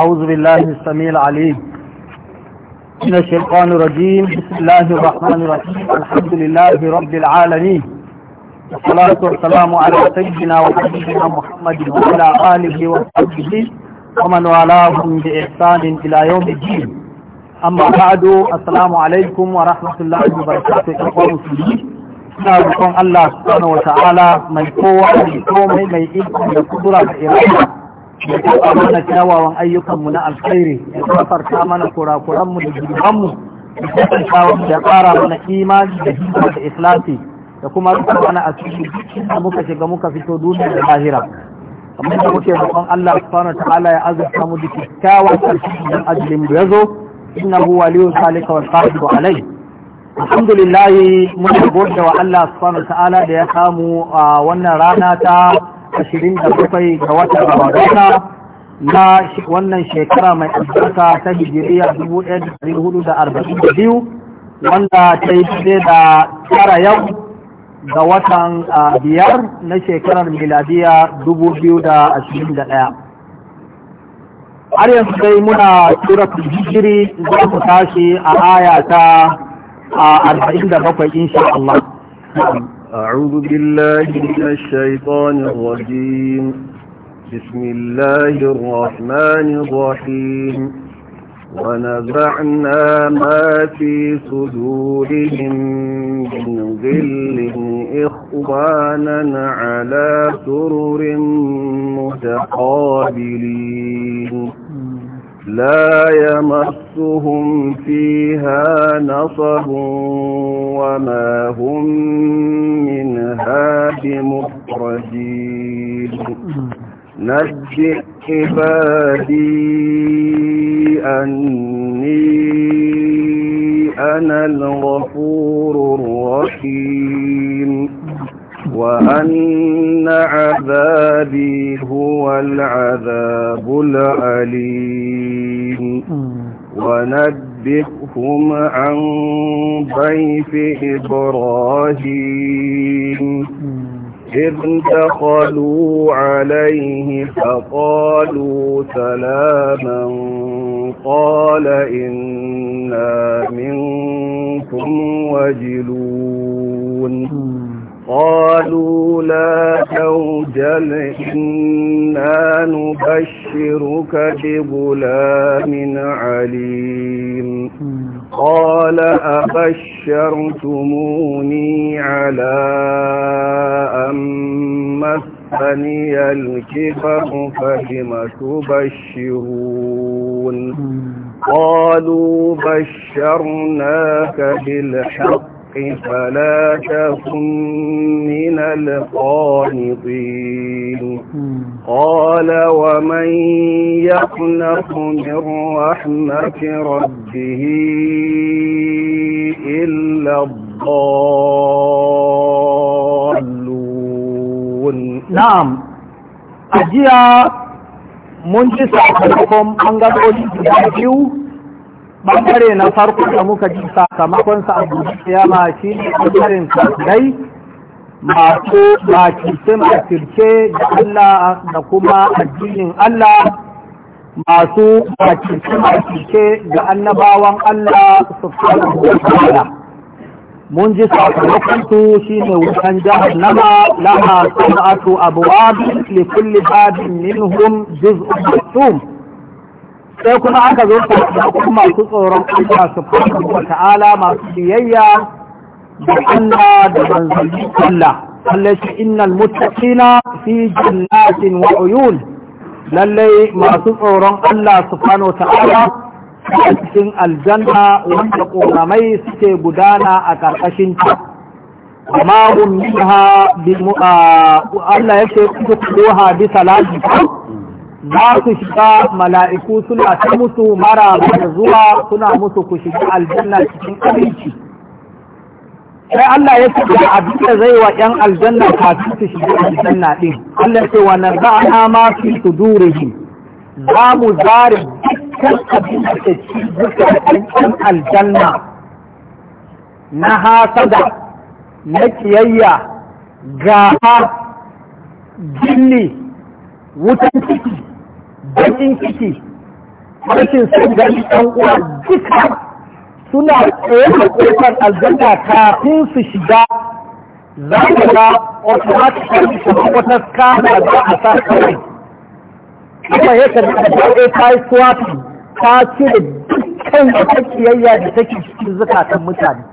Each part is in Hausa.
أعوذ بالله السميع العليم من الشيطان الرجيم بسم الله الرحمن الرحيم الحمد لله رب العالمين والصلاة والسلام على سيدنا وحبيبنا محمد وعلى آله وصحبه ومن والاهم بإحسان إلى يوم الدين أما بعد السلام عليكم ورحمة الله وبركاته إخوة المسلمين أنا الله سبحانه وتعالى من قوة من قوة من قوة من قدرة da ya taɓa mana kyawawan ayyukanmu na alkhairi ya kafarta mana kurakuranmu da jirganmu da kasancewa da mana imani da hikima da islasi da kuma rufe mana asiri da muka shiga muka fito duniya da lahira kamar da muke roƙon Allah subhanahu ta'ala ya azurta mu da kyakkyawan ƙarshen don ajalin da ya zo innahu waliyyu salika wal qadiru alai alhamdulillah mun gode wa Allah subhanahu ta'ala da ya samu a wannan rana ta ashirin da bakwai ga watan Ramadana na wannan shekara mai albarka ta hijiriya dubu ɗaya da ɗari hudu da arba'in da biyu wanda ta yi daidai da tara yau ga watan biyar na shekarar miladiya dubu biyu da ashirin da ɗaya. Har yanzu dai muna tura hijiri za ku tashi a aya ta arba'in da bakwai insha Allah. أعوذ بالله من الشيطان الرجيم بسم الله الرحمن الرحيم ونزعنا ما في صدورهم من ظل إخوانا على سرر متقابلين لا يمسهم فيها نصب وما هم منها بمخرجين نجئ عبادي أني أنا الغفور الرحيم وأن عذابي هو العذاب الأليم ونبئهم عن ضيف إبراهيم إذ دخلوا عليه فقالوا سلاما قال إنا منكم وجلون قالوا لا توجل إنا نبشرك بغلام عليم قال أبشرتموني على أن مسني الكفر فبم تبشرون قالوا بشرناك بالحق الحق فلا تكن من القانطين قال ومن يخلق من رحمة ربه إلا الضالون نعم أجيا منجي لكم أنجد أولي bangare na farko da muka ji sakamakon sa a ya ma shi ne bangaren kafirai masu makirce makirce da Allah da kuma addinin Allah masu makirce makirce ga annabawan Allah subhanahu wa ta'ala mun ji sakamakon su shine wutan jahannama laha sab'atu abwab li kulli babin minhum juz'un sai kuma aka zo da masu tsoron Allah subhanahu wa ta'ala masu biyayya da Allah da manzanni Allah lallai innal muttaqina fi jannatin wa uyun lallai masu tsoron Allah subhanahu wa ta'ala a cikin aljanna wanda ƙoramai suke gudana a ƙarƙashin ta amma hum minha bi Allah yake bi za su shiga mala'iku suna ta musu mara da zuwa suna musu ku shiga aljanna cikin aminci sai Allah ya ce da abin zai wa ‘yan aljanna kafin su shiga aljanna ɗin Allah ce wa a ma fi su sudurihim za mu zare dukkan abin da ke ci ɗan aljanna na hasada na kiyayya gaha jinni wutan ciki bakin ciki rashin son gani ɗan uwa duka suna tsaye da ƙofar aljanna kafin su shiga za ka ga automatically kuma wata kama za a sa kawai kuma ya kan da ɗaya ta yi suwafi ta da dukkan wata kiyayya da take cikin zukatan mutane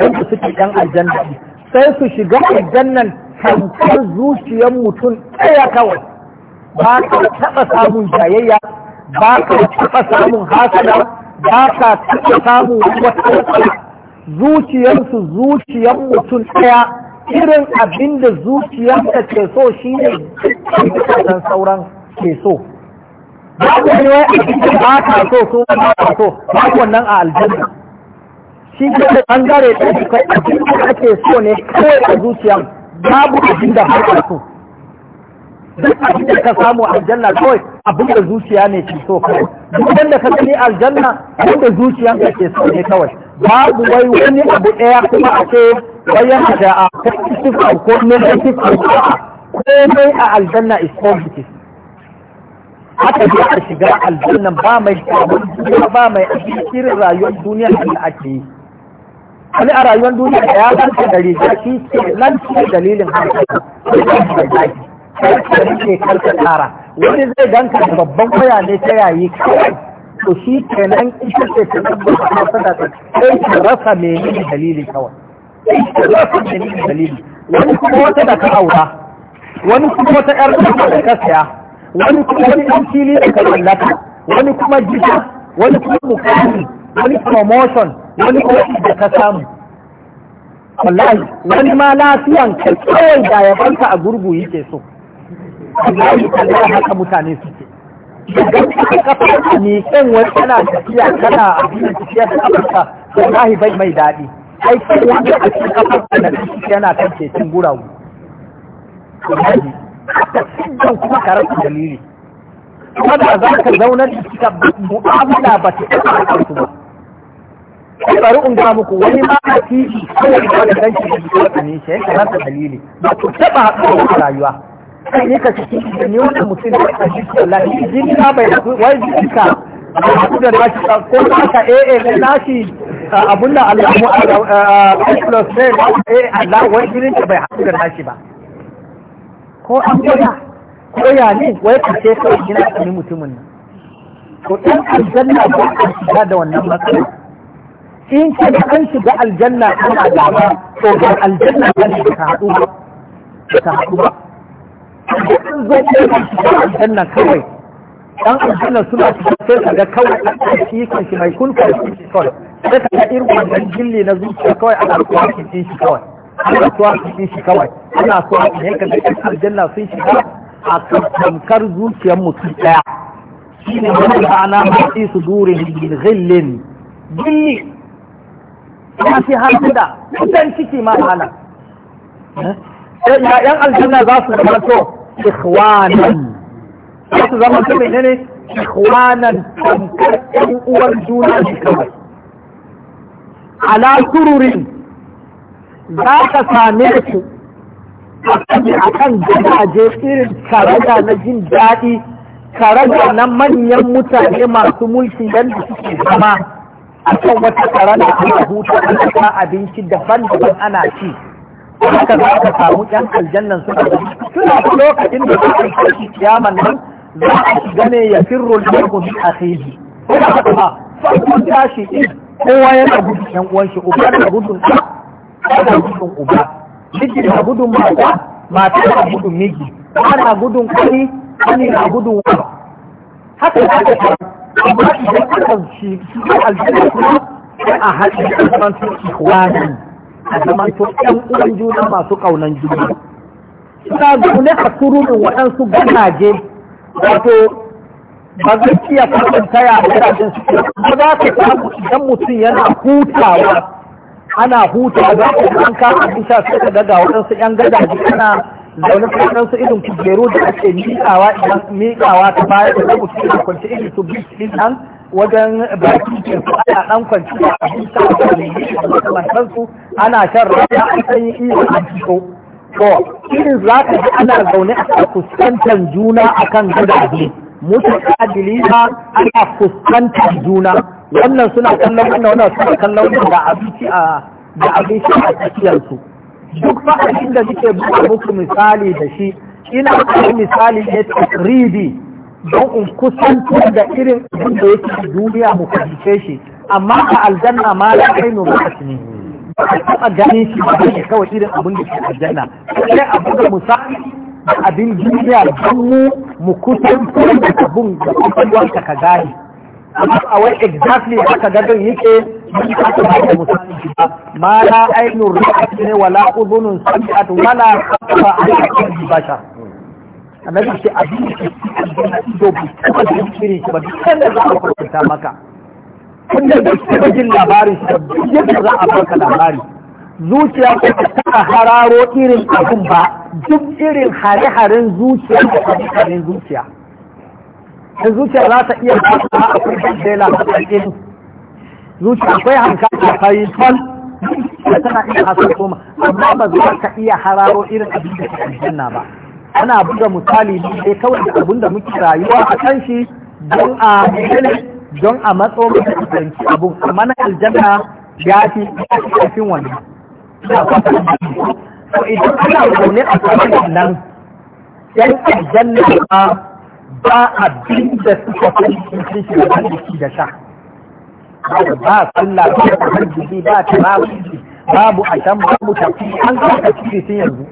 don su suke ɗan aljanna sai su shiga aljannan kankan zuciyar mutum ɗaya kawai ba ka taɓa samun jayayya ba ka taɓa samun hasada ba ka taɓa samun wata matsala zuciyarsu zuciyar mutum ɗaya irin abin da zuciyarsa ke so shi ne dukkan sauran ke so ba ku ne wai ba ka so so ba ka so ba wannan a aljanna shi ke da ɓangare ɗaya kai abin da ake so ne kawai a zuciyar babu abin da ba ka so duk abin da ka samu aljanna kawai abin da zuciya ne ke so kawai duk da ka gani aljanna abin da zuciya ne ke so ne kawai babu wai wani abu ɗaya kuma a ce bayan da a positive ko ko negative ko komai a aljanna is positive haka dai a shiga aljanna ba mai duniya ba mai asirin rayuwar duniya da ake yi wani a rayuwar duniya da ya zanta da riga shi ke nan shi dalilin hankali karka rike karka tsara wani zai ganka da babban waya ne ta yayi kawai to shi kenan ita ce ta tabbata ta sada ta sai ki rasa menene dalili kawai sai ki rasa menene dalili wani kuma wata da ka aura wani kuma wata yar da ka saya wani kuma wani dan fili da ka mallaka wani kuma jita wani kuma mukami wani promotion wani kuma da ka samu wallahi wani ma lafiyan ka kawai da ya banka a gurgu yake so wallahi kaza haka mutane suke idan ka kafa ni kan wani kana tafiya tana abin tafiya da kafarka wallahi bai mai daɗi Aiki kan wani a cikin kafarka da kake yana kan cikin guragu wallahi haka siddan kuma karatu dalili kuma da za ka zaunar da suka mu'amala ba ta kafa kansu ba sai bari in ga muku wani ma a titi kawai da wani ganci da shi ne shi ya kamata dalili ba ku taɓa haɗuwa rayuwa kai ne ka cikin da mutum da ka shi na bai wai ka da na ko na ka eh, eh na abun da Allah mu eh, eh, plus ne eh Allah wai ka bai da nashi ba ko an gwada ko ya ne wai ka ce kai jina ka mutumin nan Ko in aljanna ba ka shiga da wannan matsala in ka da an shiga aljanna kana da to ba aljanna ba ka haɗu ba ka haɗu ba sun zo aljanna kawai dan aljanna suna cikin sai ga kawai a cikin shi mai kulka shi kawai sai ka ga irin wannan jilli na zuciya kawai ana kuwa cikin shi kawai ana kuwa cikin shi kawai ana so a yanka da cikin aljanna sun shiga a tamkar zuciyar mutum daya shi ne wani ma'ana mafi su dure min ghillin jilli ya fi hasida kusan ciki ma hala yan aljanna za su zama to ikhwanan za su zama su mai ne ikhwanan tamkar ɗan uwan juna ne kawai ala sururin za ka same su a kan gidaje irin karaga na jin daɗi karaga na manyan mutane masu mulki yadda suke zama a kan wata karana ana hutu ana abinci daban-daban ana ci. haka za ka samu yan aljannan suka zama tun lokacin da suka yi kiyaman nan za a shiga ne ya firro lagu min akhihi ko da haka ba farkon tashi in kowa yana gudun yan uwan shi uba da gudun ɗa da gudun uba miji da gudun mata mata da gudun miji ana gudun kari kani na gudun wa haka za ka samu amma idan aka shi aljanna kuma sai a haɗe da kuma su wani. a zaman to ɗan uwan juna masu ƙaunan juna suna zaune a turumin waɗansu ganaje wato ba zai iya taya a gidajen su ba za ka samu idan mutum yana hutawa ana huta za ka an kama bisa sai ka daga waɗansu ƴan gadaje ana zaune kwanan su irin kujeru da ake miƙawa idan miƙawa ta baya da mutum ya kwanci irin su biyu nan wajen baki ke ana dan kwanci a abinci a kan su ana shan rana a kan yi a fito to irin za ka ji ana zaune a fuskantar juna a kan gudaje mutu ba ana fuskantar juna wannan suna kallon wannan wannan suna kallon wannan da abinci a da abinci a tsakiyarsu duk fa'adin da suke buga muku misali da shi ina misali ne ribi. don in kusantar da irin abin da yake a duniya mu fahimce shi amma a aljanna ma na kai no ba shi ne ba a taɓa gani shi ba yi kawai irin abin da ke aljanna sai a buga misali da abin duniya don mu mu kusantar da abin da wanka ka gani amma a wai exactly haka gadon yake ما لا عين رأت ولا أذن سمعت ولا خطر على قلب بشر annabi ce abin da ke cikin ido bai taba da irin shi ba duk sanda za a kwatanta maka kun da bai taba jin labarin shi ba duk yadda za a baka labari zuciya ko ta taba hararo irin abin ba duk irin hare-haren zuciya da hare-haren zuciya da zuciya za ta iya fata a kurkan dela a ɗin zuciya akwai hanka ta fayi tol tana iya hasa koma amma ba za ka iya hararo irin abin da ke aljanna ba ana buga misali sai kawai da abin da muke rayuwa a kan shi don a don a matso mai zanci abun amma na aljanna ya fi kafin wannan to idan ana zaune a kan nan yan aljanna ba ba abin da suka fi cikin shi da jiki da sha ba sallah ba arziki ba tarafi babu a can babu tafi an kasa cikin yanzu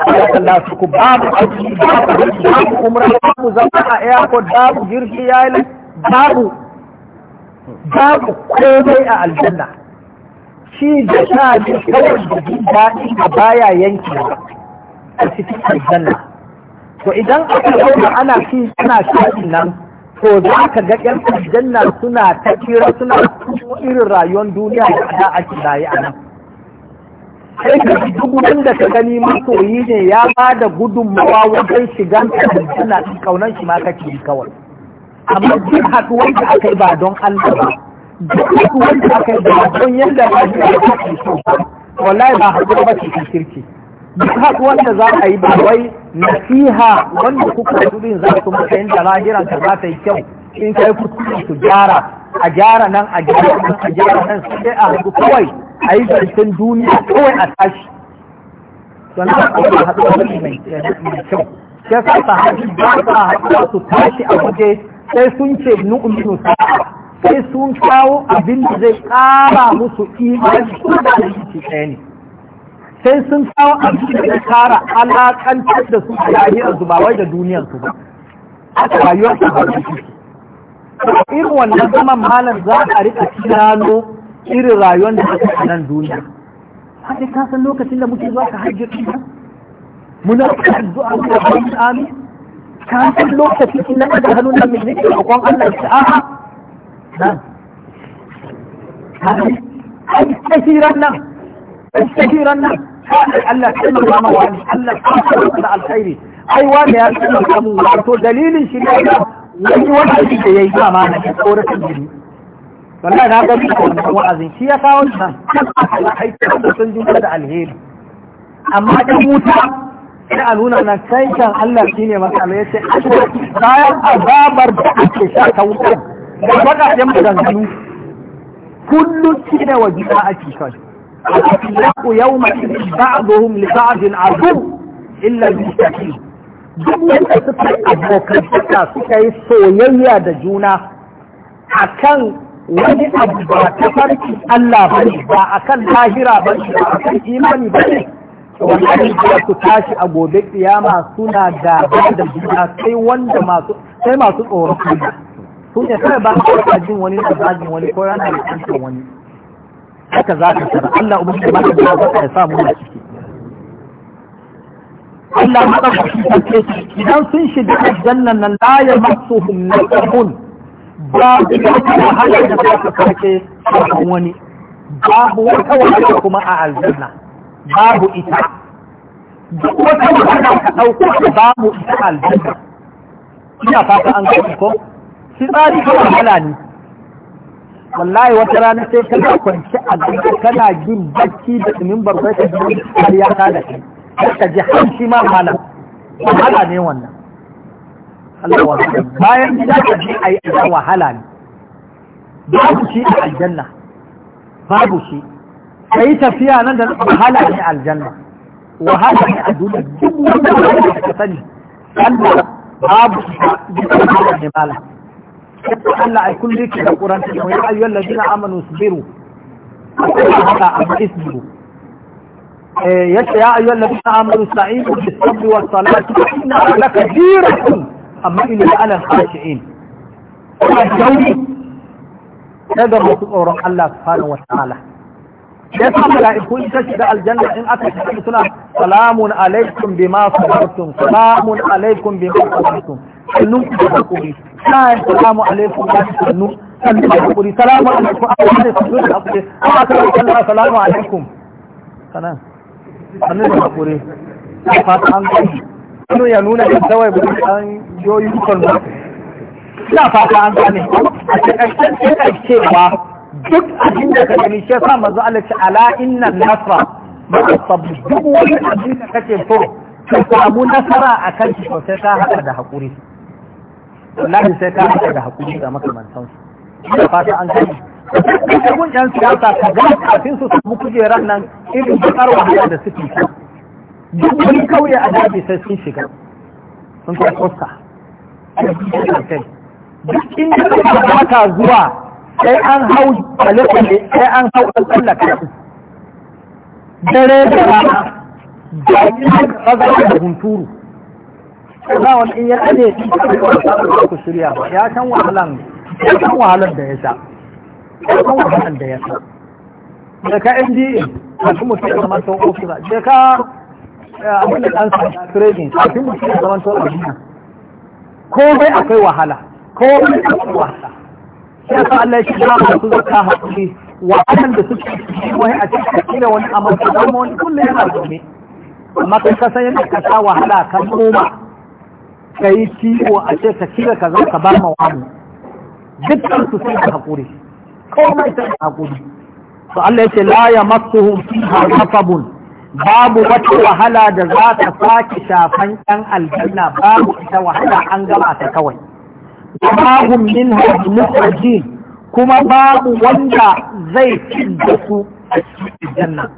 Allah su ku babu aiki babu umra babu zama a airport babu jirgi ya babu babu komai a aljanna shi da sha ne kawai da jin daɗi da baya yanki a cikin aljanna to idan aka zauna ana shi, ana shaɗin nan to za ka ga ƴan aljanna suna ta kira suna irin rayuwar duniya da ake rayu a nan sai ka duk wanda ka gani masoyi ne ya ba da gudunmawa wajen shigan aljanna kaunan shi ma kake kawai amma duk haɗuwar da aka yi ba don Allah ba duk haɗuwar da aka yi ba don yadda ba shi ya kake so wallahi ba haɗuwar ba ce kirki duk haɗuwar da za a yi ba wai nasiha wanda kuka tudin za su maka yadda lahiran ka za ta yi kyau in kai kuskure su gyara a gyara nan a gyara nan a gyara nan sai a haɗu kawai a yi zancen duniya kawai a tashi sannan a kuma haɗu da eh, mai kyau ya sa ta haɗu ba ta haɗu su tashi a waje sai sun ce nu'minu sa'a sai sun kawo abin da zai ƙara musu imani ko da aiki ɗaya ne sai sun kawo abin da zai ƙara alaƙantar da su a lahiyar su ba wai da duniyar su ba a rayuwar su ba irin wannan zaman malam za a riƙa tunano irin rayuwar da ake a nan duniya haka ka san lokacin da muke zuwa ka hajji kuma muna addu'a da Allah amin ka san lokacin inda da hannun da mai nake roƙon Allah ya a'a nan ai tasiran nan tasiran nan Allah ya tsaya ma wani Allah ya tsaya da alkhairi ai wanda ya tsaya mu to dalilin shi ne wani wanda yake yayi amana ya tsoratar jini wallahi na ga duka wannan wa'azin shi ya kawo shi nan kai da sun jin da alheri amma dan wuta sai a nuna nan kai kan Allah shine masala yace bayan azabar da ake sha ta wuta da baka jin maganganu kullun shi da wajiba ake kai الأخلاق يومئذ بعضهم لبعض عدو إلا المستقيم duk wanda suka yi abokantaka suka yi soyayya da juna a kan wani abu ba ta farki Allah ba ne ba a kan lahira ba ne ba a kan imani ba ne wannan da su tashi a gobe kiyama suna gaba da juna sai wanda masu sai masu tsoron kuma su ne sai ba ka jin wani da zagin wani ko yana da kankan wani haka za ka tara Allah ubu da maka da ba ka samu a ciki Allah maka shi ce idan sun shiga jannan nan la yamassuhum nasabun babu wata wahalar da za ka karke sauran wani babu wata wahala kuma a aljanna babu ita duk wata wahala ka ɗauko babu ita aljanna ina fata an gani ko shi tsari kuma wahala ne wallahi wata rana sai kana kwanci a gaba kana jin bacci da tsumin barkwai ta jini har ya kada shi ka ji hanci ma malam wahala ne wannan Allah wa bayan da ka ji ai wahala ne babu shi a aljanna babu shi kai tafiya nan da wahala ne a aljanna wahala ne a duniya duk wanda ka sani Allah babu shi a ne mala Allah ai kulli ki da Qur'an ta ya ayyuhal ladina amanu sabiru haka amma isbiru eh, yace ya ayyuhal ladina amanu sa'idu bis sabri was salati inna lakathirun amma ilu ala khashi'in kuma jauri daga masu tsoron Allah subhanahu wa ta'ala ya sa mala'iku in ta shiga aljanna in aka shiga suna salamun alaikum bima sabartum salamun alaikum bima sabartum sannun ku da kuri salamu alaikum ba sannun sannun da kuri salamu alaikum a wani sannun da kuri amma aka yi sallama alaikum sanan sannun da kuri ta fata an gani Kano ya nuna da zawai bude an joyi dukkan ba. Ina fata an gane. A cikin sai ba duk abin da ka gani shi yasa manzo Allah ce ala inna nasra ma sabu duk wani abin da kake so ka samu nasara a kan shi sosai ta haɗa da haƙuri. Wallahi sai ta haɗa da haƙuri ga makamantansu. Ina fata an gane. Dukkan yan siyasa ka ga kafin su samu kujerar nan irin bakar wahala da suke shi. duk wani kauye a daji sai sun shiga sun kai kosta duk inda ba ta zuwa sai an hau kwale-kwale sai an hau an tsallaka dare da rana da yin da hunturu za wani in ya shi ku shirya ba ya san wahalan ya san wahalan da ya sha ya san wahalan da ya sha da ka NDA masu mutum da masu ofisa da ka abin da ɗan sa trading kafin mutum ya zama tsoron duniya komai akwai wahala komai akwai wahala shi yasa Allah ya shiga masu zaka hakuri wahalan da suke wani a cikin kila wani amma ka zama wani kullum yana zaune amma kai ka san yadda ka sha wahala ka koma ka yi ciwo a ce ka kila ka zama ka ba ma wani dukkan su sai da hakuri komai sai da hakuri to Allah ya ce la yamassuhum fiha nasabun babu wata wahala da za ta sake shafan ɗan aljanna babu ita wahala an gama ta kawai babu min hajji kuma babu wanda zai ci da su a cikin janna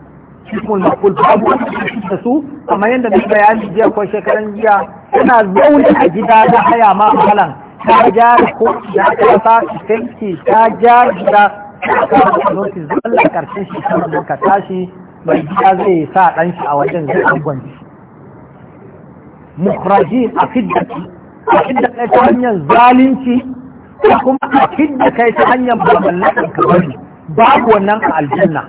cikin makul babu wanda zai da su kamar yadda da bayani jiya ko shekaran jiya suna zaune a gida da haya ma mahalan ta gyara ko ya ta sa fenti ta gyara gida ta kawo notice zallar karshen shi kan ka tashi mai gida zai sa ɗan shi a wajen zai agwanci mukraji a fidda a fidda kai ta hanyar zalunci ko kuma a fidda kai ta hanyar babban ka bari babu wannan a aljanna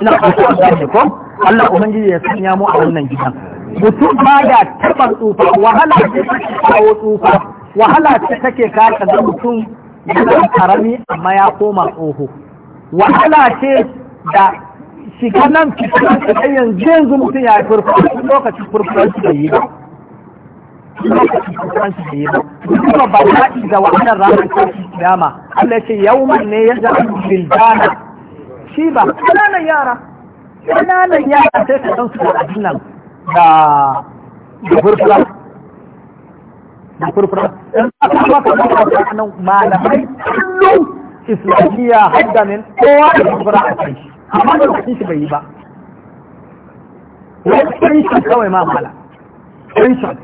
ina fata da ko Allah ubangiji ya sanya mu a wannan gidan mutum ba da taɓa tsufa wahala ce take kawo tsufa wahala ce take kasa da mutum yana karami amma ya koma tsoho wahala ce da shiga nan fita ta yanzu yanzu mutum ya yi furfuranci lokacin furfuranci da yi ba lokacin furfuranci da yi ba kuma ba daɗi ga wannan ranar tashin kiyama Allah ce yawman ne ya za a bildana shi ba ƙananan yara ƙananan yara sai ka ɗansu da abin nan da furfura da furfura in aka maka maka nan malamai kullum islamiyya min kowa da furfura a kai amma lokacin shi bai yi ba wani tension kawai ma mala tension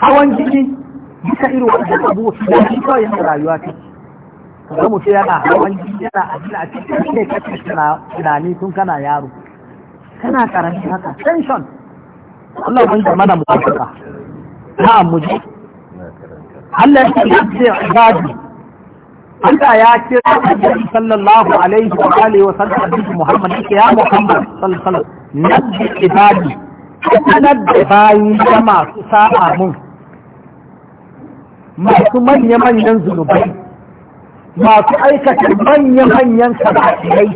hawan jiki bisa irin wannan abu da shi kawai yana rayuwa ta ga sai yana hawan jiki yana abin a cikin ne kake tunani tun kana yaro kana karanta haka tension Allah ban da mana mu ka. na'am mu ji Allah ya ce ibadi Allah ya kira Annabi sallallahu alaihi wa alihi wa sallam Annabi Muhammad ya Muhammad sallallahu alaihi wa sallam nabbi ibadi sanar da bayi da masu sa'a mun masu manya-manyan zunubai masu aikata manya-manyan sabatilai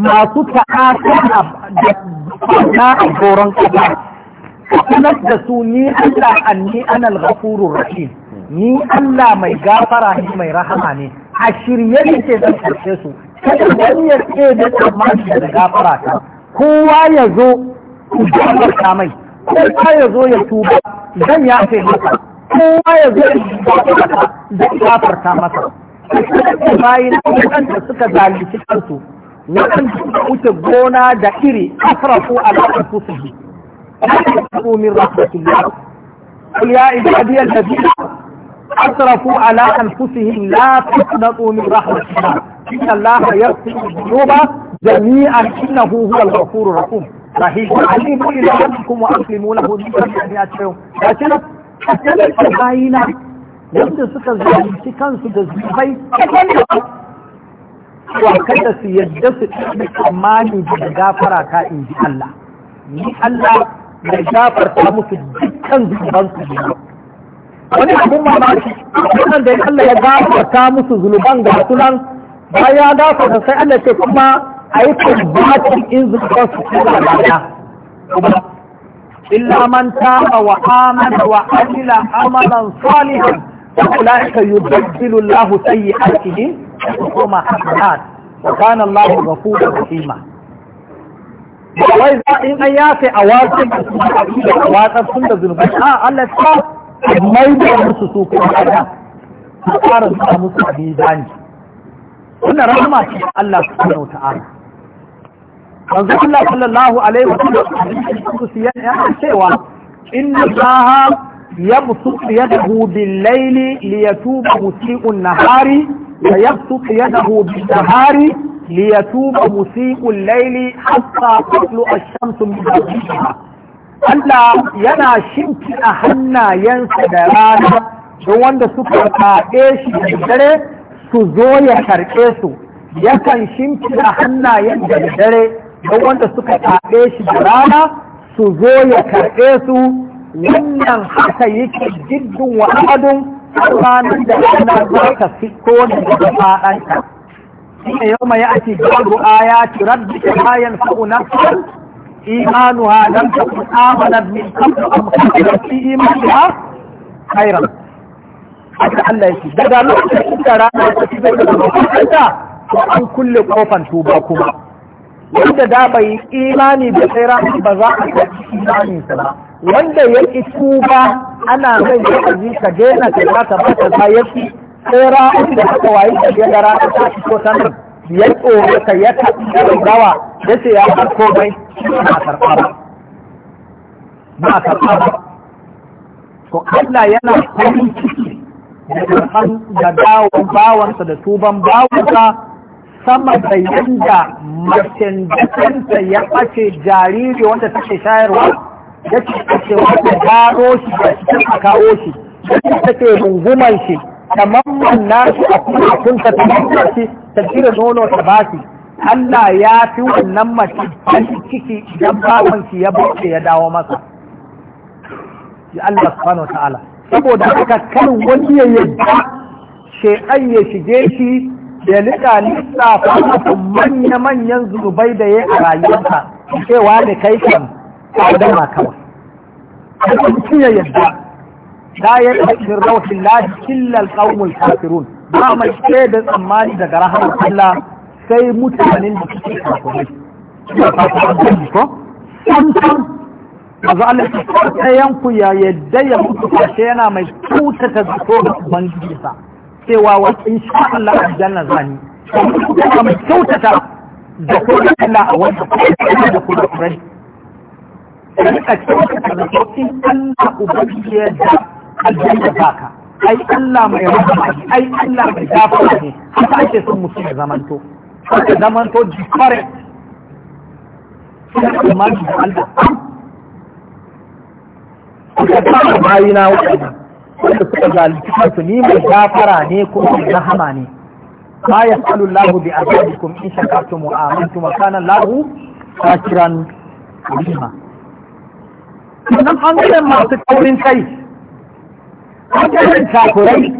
masu ta'asa da a goron kaba sanar da su ni Allah anni anal ghafurur rahim ni Allah mai gafara ne mai rahama ne a shirye yake zan karshe su kada wani ya ce da tsammani da gafara ta kowa ya zo ku gafarta mai kowa ya zo ya tuba zan ya ce masa kowa ya zo ya zan gafarta masa bayan waɗanda suka zalunci kansu waɗanda suka wuce gona da iri asrafu ala anfusihim la yaqulu min rahmatillah قل يا عبادي الذين asrafu ala anfusihim la tasnaqu min rahmatillah inna allaha yaghfiru dhunuba jami'an innahu huwal ghafurur rahim rahim alimu ila ankum wa aslimu lahu min sharri ma ta'u lakin kasance wanda suka zalunci kansu da zubai wa kada su yadda su ɗaɗi tsammani da gafara ta in ji Allah ni Allah da gafarta musu dukkan zubansu ne wani abun mamaki wannan da Allah ya gafarta musu zunuban ga sunan ba ya gafarta sai Allah ce kuma a yi kurbatin in zunuban su kuma baya illa man taba wa amana wa amila amalan salihan فأولئك يبدل الله سيئاتهم وما حسنات وكان الله غفورا رحيما wai za in an yafe a wasan da su a da wasan sun da zunubai a ah, Allah ta mai da musu su kuma kaɗan su fara zuwa musu abin zani wannan rahama ce Allah subhanahu wa ta'ala manzo Allah sallallahu alaihi wa sallam su ya cewa inna Allah yabsutu yadahu bil-laili liyatuba musii'un nahari wa yabsutu yadahu bin-nahari liyatuba musii'ul-laili hatta tatlu'a ash-shamsu min Allah yana a hannayensa da rana don wanda suka kaɗe shi da dare su zo ya karɓe su yakan a hannayen da dare don wanda suka kaɗe shi da rana su zo ya karɓe su wannan haka yake jiddin wa ranar da ana za ka fito da daga faɗanta. Ina yau mai ake gabu aya ci rabbi ta bayan fa'u nafsan إيمانها لم تكن آمنت من قبل أم كانت في إيمانها خيرا haka Allah ya ce daga lokacin da rana ta ci zai da mafarkanta to an kulle kofan tuba kuma wanda da bai imani da ba za a ba wanda ya ki tuba ana zai yi aji ka daina ka ta ba ta ba ya ki sai da aka wayi ka ga rana ta ci ko sanar ya ka ya taɓa gawa ya ce ya har komai ba karɓa ba ba karɓa ba to Allah yana farin ciki da karɓan da dawon bawansa da tuban bawansa sama da yanda macen da ya ɓace jariri wanda take shayarwa ya ce ta ce wata gano shi da shi ta kawo shi ya ce ta ke rungumar shi kamar na shi a kunta ta mammanna shi ta jira nono ta baki Allah ya fi wannan mace ɗan ciki idan baban shi ya bace ya dawo masa ya Allah subhanahu ta'ala saboda haka kan wani ya yadda shekan ya shige shi ya lika lissafa masa manya-manyan zubai da ya a rayuwarsa cewa da kai kan a dama kawai. Kan ya yadda la yadda min rawhin lahi illa alqawmul kafirun ba mai da tsammani daga rahamar Allah sai mutanen da suke kafirai ko Mazu Allah ta ɗayan ku ya yadda ya mutu kashe yana mai tuta ta zato da Ubangiji sa. Cewa wa insha Allah aljanna zani. Kuma mai kyautata da kuma Allah a wanda kuma da kuma kurai. Sai ka kyautata da kuma in Allah Ubangiji da aljanna baka ai Allah mai rahama ne ai Allah mai gafara ne haka ake son mutum ya zamanto haka zamanto different suna imani da Allah suka kama bayina waɗannan wanda suka zalunci kansu ni mai gafara ne kuma mai rahama ne ma salu lahu bi azabikum in shakartum wa amantum wa kana lahu shakiran alima sannan bangaren masu taurin kai ɓangaren takurai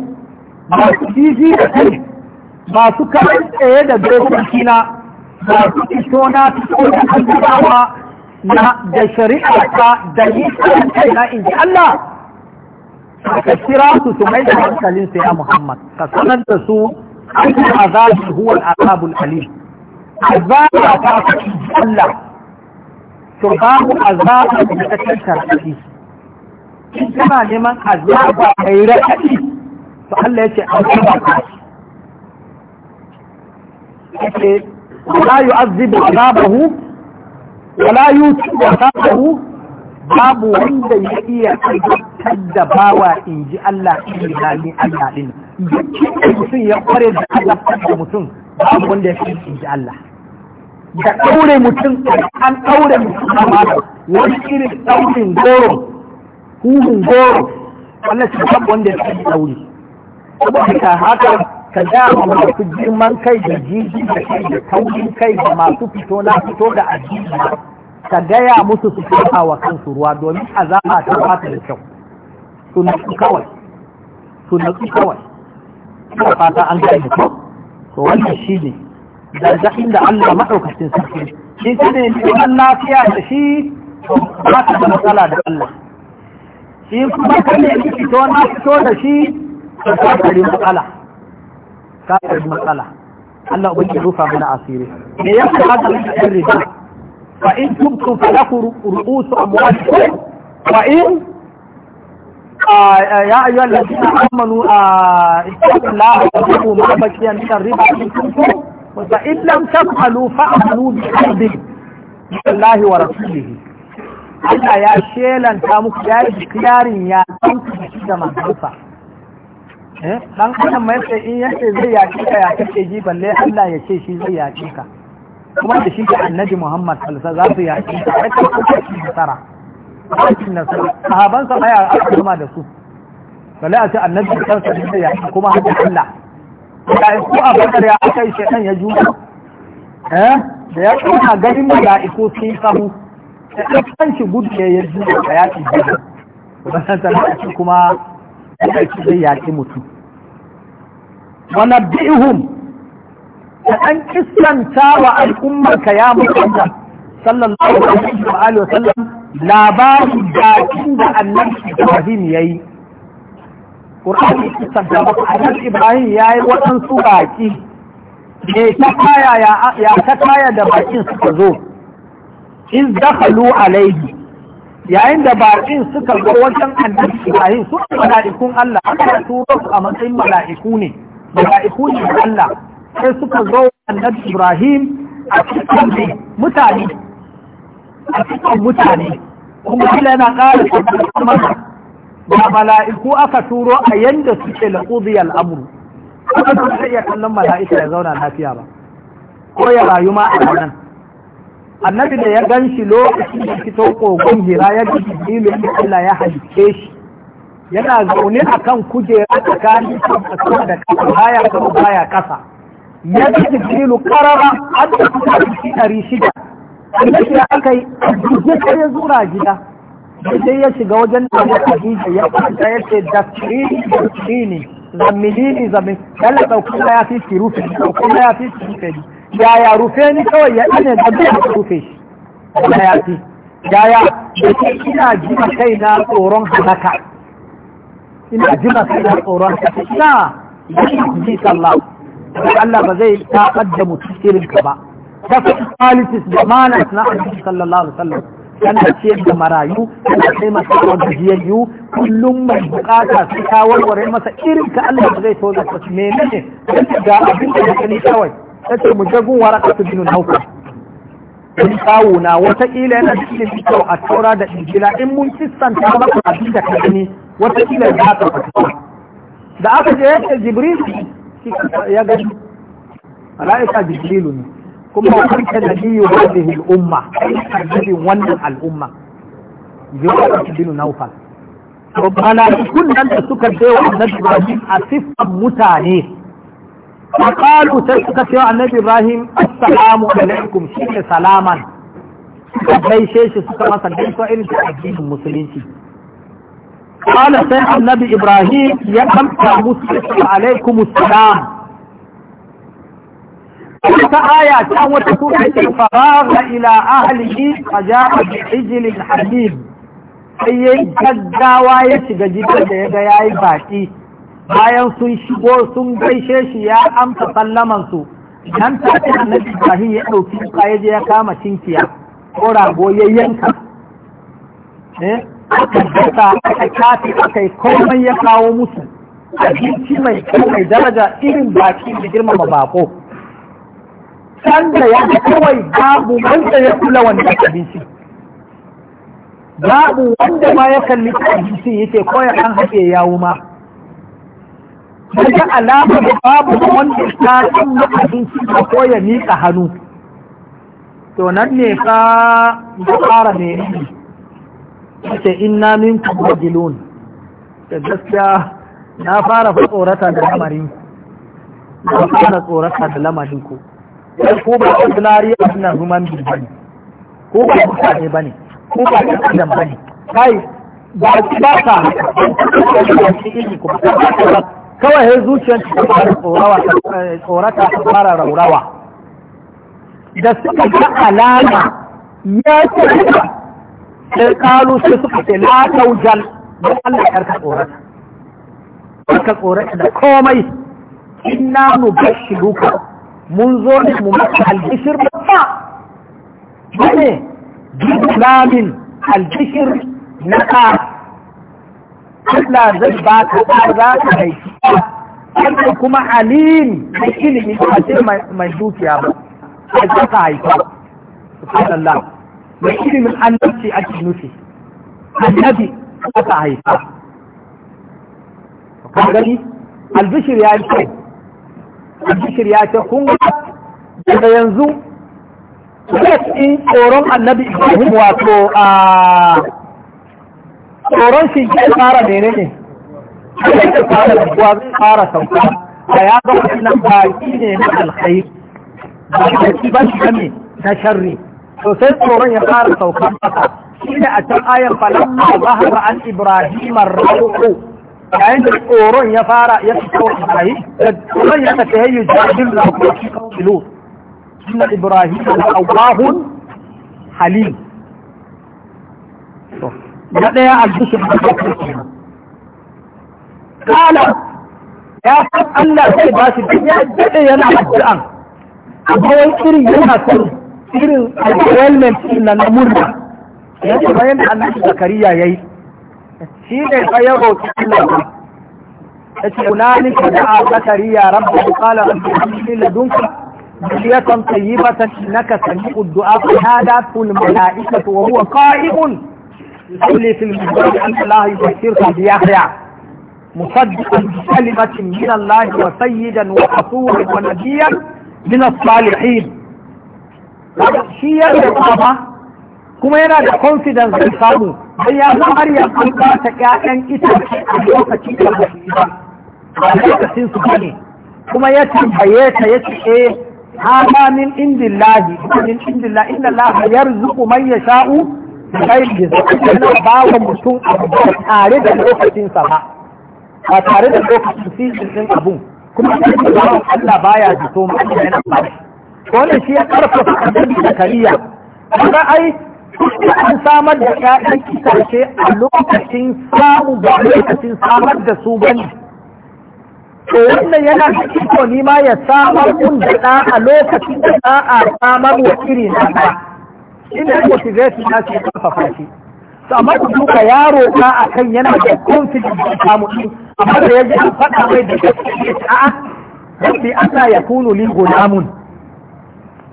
masu kifi da kai masu kawai tsaye da dokoki na masu iso na fito da annabawa na da shari'a ta da yi kai na inji Allah ka kira su su mai da hankalin sai a Muhammad ka sanar da su an azabi huwa al-azabul alim azaba ta Allah to babu azaba da ta tantar shi in kana neman a yi raɗaɗi to Allah ya ce an kaba ka yake la yu'azzibu Wala wa la yu'tibu azabahu babu wanda ya iya tabbatar da bawa in ji Allah in ji halin Allah din duk mutum ya kware da Allah da mutum babu wanda ya in ji Allah da ɗaure mutum an ɗaure mutum a wani irin ɗaurin goro huhun goro wannan shi kan wanda ya kai dauri saboda haka ka ga masu girman kai da jiji da kai da taurin kai da masu fito na fito da addini ka gaya musu su kafa wa kansu ruwa domin a ta fata da kyau su natsu kawai su natsu kawai ina fata an da kyau to wannan shi ne zazzaɓin da Allah maɗaukacin sarki shi ne neman lafiya da shi ba ka da matsala da Allah shi kuma ka ne ni fito na fito da shi ka kafari matsala kafari matsala Allah ubangi rufa mana asiri me yasa haka ne ɗan riba fa in tubtu fa lahu ru'usu amwalikum wa in يا أيها الذين آمنوا اتقوا الله واتقوا ما بقي من الربا إن كنتم وإن لم تفعلوا فاعملوا بحرب من الله ورسوله Allah ya shelanta muku ya yi kiyarin ya ɗan kuɗi da mahaifa. Eh, dan adam mai sai in yace zai yaƙi ka ya kake ji balle Allah ya ce shi zai yaƙi ka kuma da shi ke annabi Muhammad Salisa za su yaƙi ka ya kai kuka ci nasara kuka nasara sahaban sa baya kuma da su balle a ce annabi kansa alaihi zai yaƙi kuma haka Allah ya ku a bakar ya yi shaytan ya juma eh, da ya kuma ganin mu ya iko sun sahu da kan shi gudu ne ya zuwa a yaƙi gudu a sanarci kuma ya ci zai yaƙi mutu. wana bi'ihum da ɗan kistanta wa al'ummar ka ya musamman sallallahu alaihi wa alihi wa sallam labarin dakin da annabi Ibrahim ya yi Qur'ani kistanta maka annabi Ibrahim ya yi waɗansu baƙi Me ya ta kaya da baƙin suka zo in dakhalu alaihi yayin da baƙin suka zo wajen annabi Ibrahim su mala'ikun Allah aka turo su a matsayin mala'iku ne mala'iku ne Allah sai suka zo annabi Ibrahim a cikin mutane a cikin mutane kuma Allah yana ƙara tabbatar ba mala'iku aka turo a yanda suke laqudiyal amru kuma ba iya kallon mala'ika ya zauna lafiya ba ko ya rayu ma a nan annabi da ya gan shi lokacin da fito kogon hira ya ji jibrilu da Allah ya halice shi yana zaune a kan kujera tsakanin kasa da kasa baya kasa baya kasa ya ji jibrilu karara an da ɗari shida annabi ya aka yi jirgin ya zura gida sai ya shiga wajen da ya Khadija ya kwanta ya ce da dasiri zammili ne zammin yalla ɗauki ya fi firufi ɗauki ya fi firufi yaya rufe ni kawai ya ɗane zabi a rufe shi da ya fi yaya da ke ina jima kai na tsoron halaka ina jima kai na tsoron halaka ina yi ji sallah Allah ba zai taɓar da mutum irin ka ba ta fi qualities da manas na annabi sallallahu alaihi wasallam kana ciyar da marayu kana taimaka wa gajiyayyu kullum mai bukata su ta warware masa irin ka Allah ba zai so da su menene ga abin da ya kani kawai ta ce mu jagun waraka su binin hauka in kawo na wataƙila yana cikin kyau a taura da injila in mun kistanta maka abin da ka gani wataƙila za ka fata da aka je ya ce jibril ya gani mala'ika jibrilu ne kuma wa kanta nabiyyu hadhihi al-umma annabin wannan al'umma yau ka binin nauka. to mala'ikun nan da suka je wa annabi Ibrahim a mutane فقالوا تشكت يا النبي إبراهيم السلام عليكم شيء سلاما gaishe shi suka masa gaisuwa irin ta addinin musulunci kala sai annabi ibrahim ya amsa musu alaikum salam wata aya ta wata sura ce faraga ila ahlihi faja'a bi ijlin hadid sai yayi gaggawa ya shiga gidan da ya ga yayi bayan sun shigo sun gaishe shi ya amsa sallaman su nan ta ce annabi Ibrahim ya dauki ka ya ya kama cinkiya ko rago ya yanka eh aka daka aka kafi aka yi komai ya kawo musu abinci mai kyau daraja irin baki da girmama bako san da ya kawai babu wanda ya kula wanda abinci babu wanda ma ya kalli abinci yake koyar an haƙe yawo ma daga alama da babu wanda ta san lokacin shi ko ya miƙa hannu to nan ne ka da fara ne ce inna minkum rajulun da gaskiya na fara fa tsorata da lamarin na fara tsorata da lamarin ku sai ko ba ku tunari a suna human being bane ko ba ku ne bane ko ba ku adam bane kai ba ki ba ka ba ku ba kawai sai zuciyar ta fara tsorawa tsorata ta fara raurawa da suka ga alama ya tsaka sai kalu sai suka ce la taujal da Allah karka tsorata ka tsorata da komai inna duka. mun zo ne mu maka albishir ne bane bilamin albishir na ka Allah zai ba ka ɗan za ka aiki Allah kuma alim da ilimi ba ce mai dukiya ba a ce ka haifa subhanallah mai ilimin annabci ake nufi annabi za ka haifa ka gani albishir ya ce albishir ya ce kun ga daga yanzu zai in tsoron annabi ibrahim wato a ah, tsoron shi ke fara mene ne sai ka fara kuwa zai fara sauka a ya ga wannan baki ne na alkhairi ba shi ba shi ne na sharri to sai tsoron ya fara sauka maka shi ne a can ayan falamma zahara an ibrahim ar-ruhu yayin da tsoron ya fara ya fito ibrahim da tsoron ya tafi hayyu jahil la ko shi kilo inna ibrahim al-awwahun halim جدي عجيش بكتنا قال يا حب الله في باسد يا جدي أنا عبد أن أبو يكري يلها سر سر الجوال من سيلا نمر يا جبين عن زكريا يا سيد الخير وكيل هنالك دعا زكريا هذا الملائكة قائم يصلي في المسجد أن الله يبشرك بيحيى مصدقا بكلمة من الله وسيدا ورسولا ونبيا من الصالحين shi ya da kuma yana da confidence da samu sai ya zama har yanzu an ba ta ƴaƴan itace a lokaci da ba su ba a lokacin su bane kuma ya tambaye ta ya ce eh hada min indillahi min indillahi inna allaha yarzuqu man yasha'u ghairi yana ba wa mutum a tare da lokacinsa ba a tare da lokacin fisin din abun kuma yake ba Allah baya jito mu Allah yana ba wannan shi ya karfafa annabi Zakariya Kuma ai an samar da ƴaƴan itace a lokacin samu da lokacin samar da su bane to wannan yana da iko ni ma ya samar mun da a lokacin da a samar wa irin na inda ya motivation na ce karfafa shi to amma ku duka yaro ka kan yana da confidence da samu din amma da yaji an faɗa mai da gaskiya a'a rabbi anna yakunu li gulamun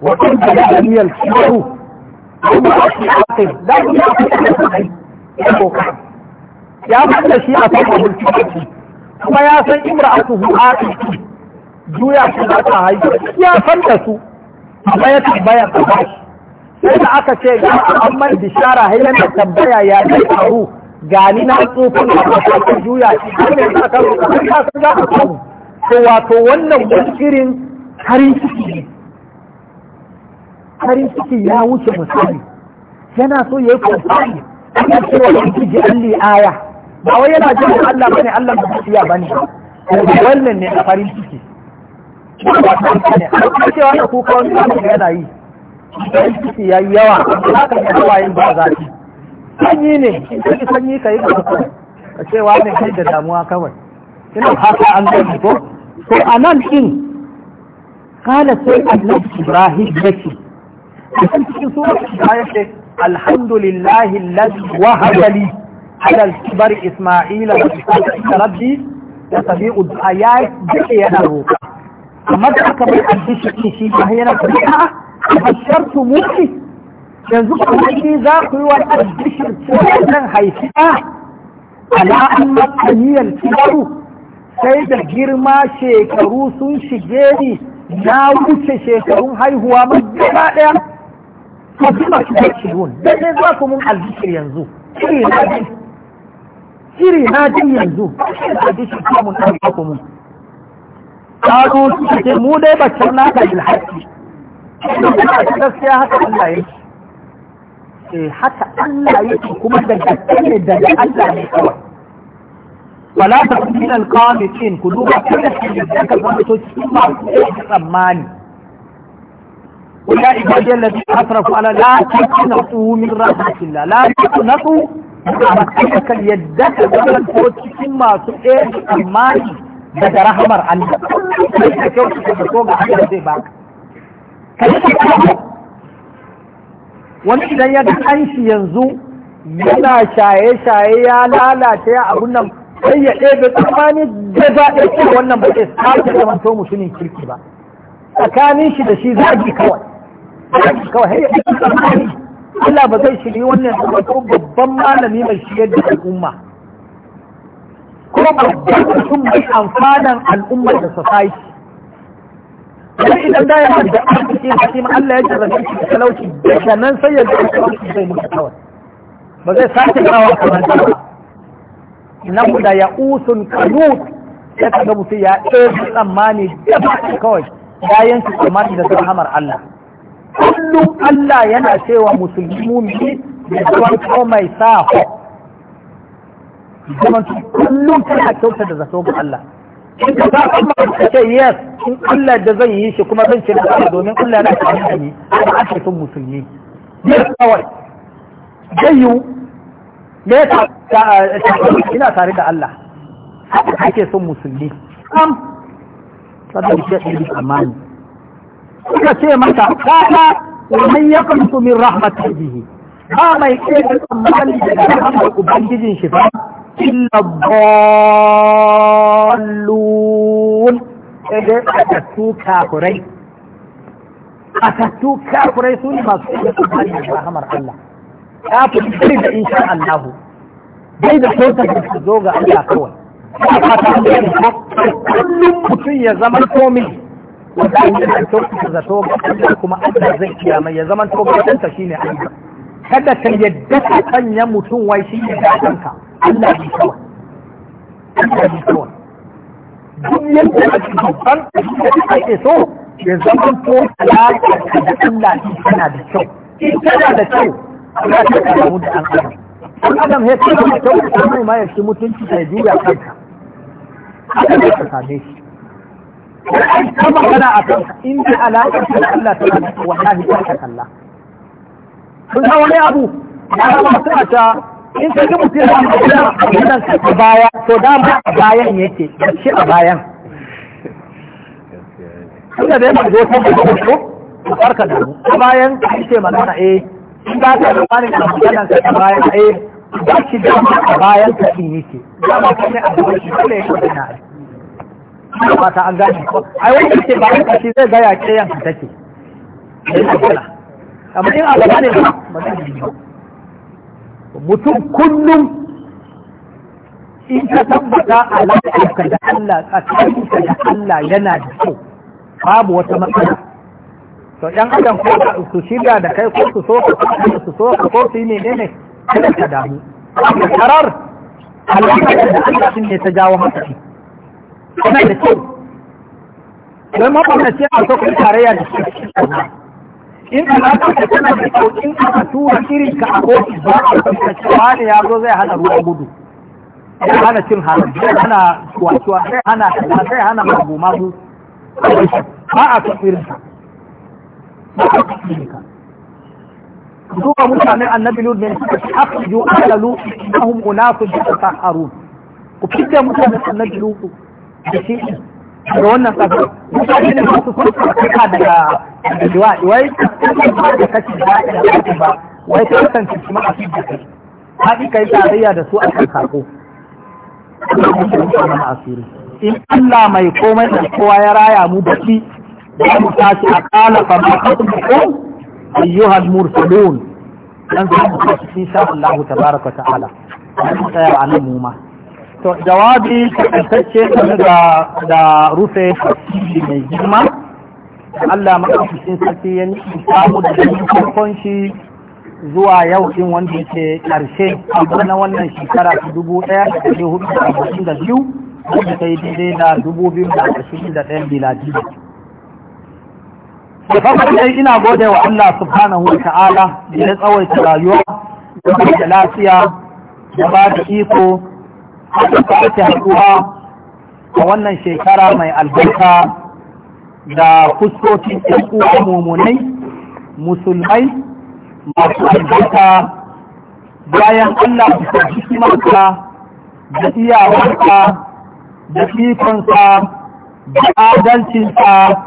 wa in balagani al-kibaru kuma shi aqil da ku ya faɗa ko ka ya faɗa shi a kan mulki kuma ya san imra'atuhu aqil juya shi da ta haihu ya san da su amma ya tambaya ta bashi sai da aka ce ga amman bishara hailan da tambaya ya kai faru gani na tsofin da aka juya shi ne aka ka ga aka to wato wannan wasirin harin ciki ne harin ciki ya wuce misali yana so ya yi kofani ana cewa da ji alli aya ba wai yana jin Allah bane Allah ba shi ya bane wannan ne a farin ciki ba ta ne a cewa da kuka wani yana yi idan ciki ya yi yawa za ka yi hawayen ba zafi sanyi ne in sanyi ka yi ka ka ce wa ne kai da damuwa kawai ina haka an gani ko to a nan din kala sai annabi ibrahim yake a kan cikin sura ta yace alhamdulillahi alladhi wahaba li ala al-kibar isma'ila wa rabbi ya tabi'u ayat da yana roƙa amma da aka bai addishi shi ba yana roƙa bashartu muki yanzu kuma ni za ku yi wa albishir cewa zan haifi ɗa ala an matsaniyar kibaru sai da girma shekaru sun shige ni na wuce shekarun haihuwa mai gaba ɗaya to bi ma shi da shirun da ne za ku mun albishir yanzu iri na ji iri na ji yanzu albishir kuma mun ɗauka ku mun ƙaro suke mu dai bacin na da ilhaƙi gaskiya haka Allah ya ce eh, haka Allah ya ce kuma da ne daga Allah ne kawai wala ta min alqanitin ku duba kada da ka zama to cikin ma tsammani ولا عباد الذين اسرفوا على لا تقنطوا من رحمة الله لا تقنطوا أمسكك يدك ولن تكن ما سئل أماني بدر رحمر الله كيف تكون هذا زي baka. ka yi wani idan ya ga an shi yanzu yana shaye-shaye ya lalace ya abun nan sai ya ɗebe tsammani gaba ɗaya ce wannan ba ke sake zaman to mutumin kirki ba tsakanin shi da shi zagi kawai zagi kawai sai Allah ba zai shiri wannan da wato babban malami mai shiyar da al'umma kuma babban mutum mai amfanan al'ummar da society kuma idan da yana da arziki da shi Allah ya jarrabe shi da talauci daga nan sai ya zai talauci zai mutu kawai ba zai sake kawo kamar ba nan da ya usun kanut ya kaga mutum ya ɗaya tsammani da ba kawai ya yanki tsammani da rahamar Allah kullum Allah yana cewa musulmi mumini da zaman ko mai sa zaman kullum tana kyauta da zato ga Allah in ka ga kuma ce yes cikin Allah da zan yi shi kuma zan cire nasara domin Allah na tare da ni da ake son musulmi ne kawai zai me ya ina tare da Allah ake son musulmi am sabon shi ɗin amani suka ce mata kaka ya يقنط من rahmatar bihi ba mai ƙetar da daga rahamar ubangijin shi ba illa sai dai ɓatattu kafurai ɓatattu kafurai su ne masu iya tsammani da rahamar Allah kafin sai da insha Allahu dai da sosa da su zo ga Allah kawai kullum mutum ya zama komi wanda an yi da zato ga Allah kuma Allah zai mai ya zama to ga shine Allah kada ka yadda ka sanya mutum wai shi ne da kanka Allah ne kawai Allah ne kawai duk yadda cikin babban da ake so ya zama to alaƙa da Allah tana da kyau tana da kyau za ta samu da an adam an adam ya ce da kyau da mai ma ya ci mutunci da juya kanka haka ne ka same shi ai ta magana a kanka inda alaƙa da Allah tana da kyau wallahi ta kalla Sun ga wani abu ya zama sai ta in ka ga mutum ya a baya to dama a bayan yake shi a bayan tunda da a bayan ce eh, in a bayan eh ba shi a bayan ka yake a bayan ai an gane ko ai wani ce ba ka shi zai gaya ke yanka take amma in a gaba ne ba ba zai yi ba mutum kullum in ka tabbata alaƙarka da Allah tsakaninka da Allah yana da kyau babu wata matsala to ɗan adam ko su shirya da kai ko su so ka su so ka ko su yi menene kada ka damu da karar alaƙarka da Allah shi ne ta jawo hankali yana da kyau don maɓarnaci a so ka tarayya da shi in alaƙa ka tana da kyau in aka tura irin ka aboki ba a ka cewa ne ya zo zai hana ruwan gudu zai hana cin haram zai hana cuwa-cuwa zai hana kaza zai hana mabu mabu ba a son irin ka ba a son irin ka duka mutanen annabi lud ne suka ci aka ju ala lud innahum unasun yatasaharun ku fitta mutanen annabi lud da shi daga wannan kasar mutane ne masu sun karkata daga dajewa wai kasan ba da kashi da ake da ake ba wai ka kasan ci kuma a fidda kai haɗi kai tarayya da su a kan kako in Allah mai komai da kowa ya raya mu da shi za mu tashi a kala fa ma kasu ko ayyuhal mursalun dan za mu tashi insha Allah tabaraka ta'ala mu tsaya a nan mu ma to jawabi takaitacce game da da rufe shi mai girma Allah maɗaukakin sarki ya nufi samu da ganin shi zuwa yau din wanda yake ƙarshe amma na wannan shekara ta dubu ɗaya da ɗari hudu da da biyu wanda ta yi daidai da dubu biyu da ashirin da ɗayan biladi Da farko dai ina gode wa Allah subhanahu wa ta'ala da ya tsawaita rayuwa da lafiya da ba da iko haka ta ake haɗuwa a wannan shekara mai albarka da fuskokin uwa mummunai musulmai masu albarka bayan Allah su hikimarsa da iyawarsa da ikonsa da adalcinsa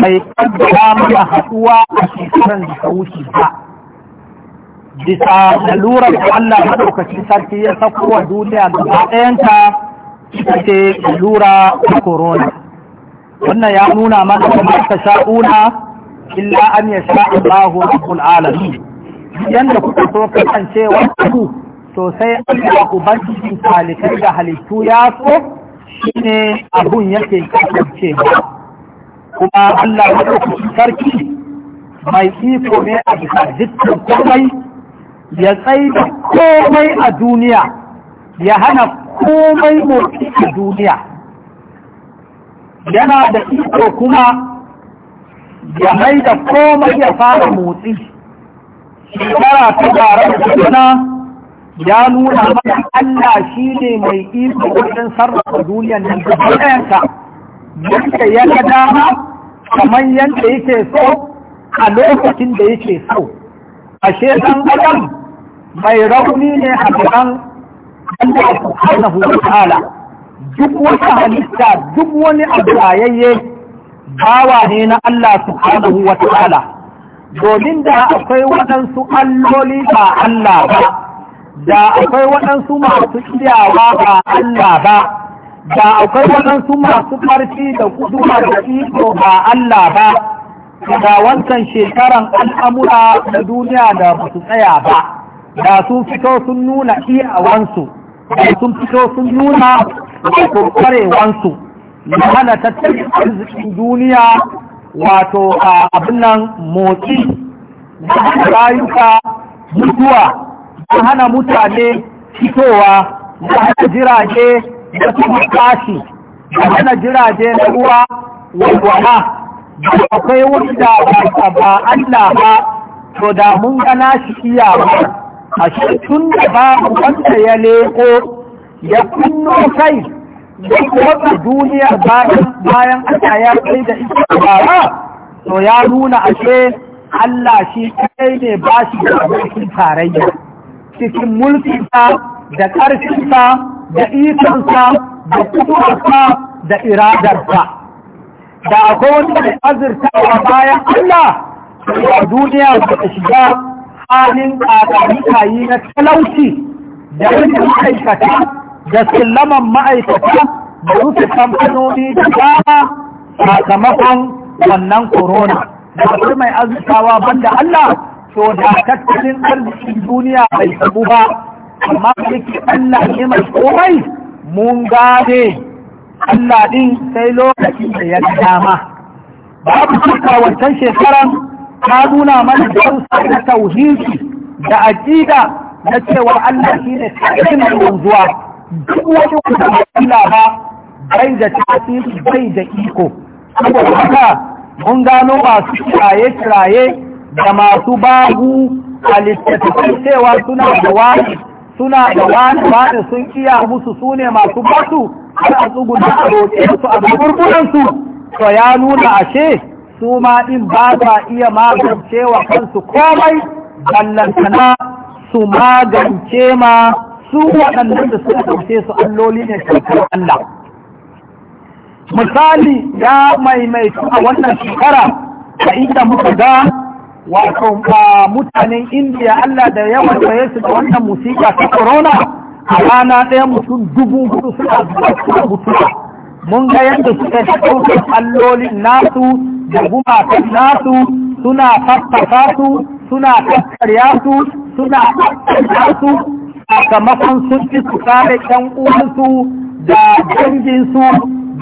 bai ƙaddara mana haɗuwa a shekarar da ta wuce ba. bisa lalurar da Allah maɗaukacin sarki ya sauko wa duniya gaba ɗayanta ita ce lura ta corona wannan ya nuna mana kuma ta sha'una illa an ya sha Allah rabbul alamin yanda kuka so kasance wasu to sai Allah ubangiji halittu da halittu ya so shine abun yake kasancewa kuma Allah maɗaukacin sarki mai iko ne a bisa dukkan komai ya tsaye komai a duniya ya hana komai motsi a duniya yana da iko kuma ya mai da komai ya fara motsi shekara ta gara da ya nuna mana Allah shi ne mai iko wajen sarrafa duniyan nan da yadda ya ga dama kamar yadda yake so a lokacin da yake so ashe ɗan adam mai rauni ne a gaban Allah subhanahu wa ta'ala duk wata halitta duk wani abu a yayye, bawa ne na Allah subhanahu wa ta'ala domin da akwai waɗansu alloli ba Allah ba da akwai waɗansu masu iyawa ba Allah ba da akwai waɗansu masu ƙarfi da kudura da iko ba Allah ba da wancan shekaran al'amura da duniya da ba su tsaya ba da sun fito sun nuna iyawansu da sun fito sun nuna kurkurewansu Da hana tattalin arzikin duniya wato a abin nan motsi da hana rayuka mutuwa da hana mutane fitowa da hana jirage da kuma kashi da hana jirage na ruwa walwala da akwai wanda ba Allah ba to da mun gana shi iyawa ashe tun da babu wanda ya leko ya kunno kai da kuma duniya bayan aka ya kai da ita bara to ya nuna ashe Allah shi kai ne ba shi da abokin tarayya cikin mulkinsa da ƙarfinsa da ikonsa da kudurarsa da iradarsa da akwai wanda da azurta a bayan Allah a duniya ba shiga halin tsakanin na talauci da wajen aikata da sulaman ma'aikata da rufe kamfanoni da dama sakamakon wannan korona. da akwai mai azutawa banda Allah to da tattalin arzikin duniya bai sabu ba amma yake Allah ne mai komai mun gane Allah ɗin sai lokacin da ya dama babu shakka wancan shekaran ta nuna mana dausa na tauhidi da aqida na cewa Allah shine cikin wanzuwa duk wani wanda ba ba bai da tasiri bai da iko saboda haka mun gano masu kiraye-kiraye da masu babu a littattafai cewa suna da wani suna da wani wani sun iya musu su ne masu basu har a tsugun da a roƙe su a burburansu to ya nuna ashe su ma ɗin ba sa iya magance wa kansu komai ballantana su magance ma su waɗannan da suka ɗauke su alloli ne shekar Allah. Misali ya maimaitu a wannan shekara a inda muka ga wato mutanen indiya Allah da yawan saye su da wannan musika ta corona a rana ɗaya mutum dubu hudu suna mutuwa. mun ga yadda suka ɗauke allolin nasu da gumakan nasu suna fassaka su suna kakkarya su suna kakkarya su sakamakon sun ci su kare ɗan uwansu da danginsu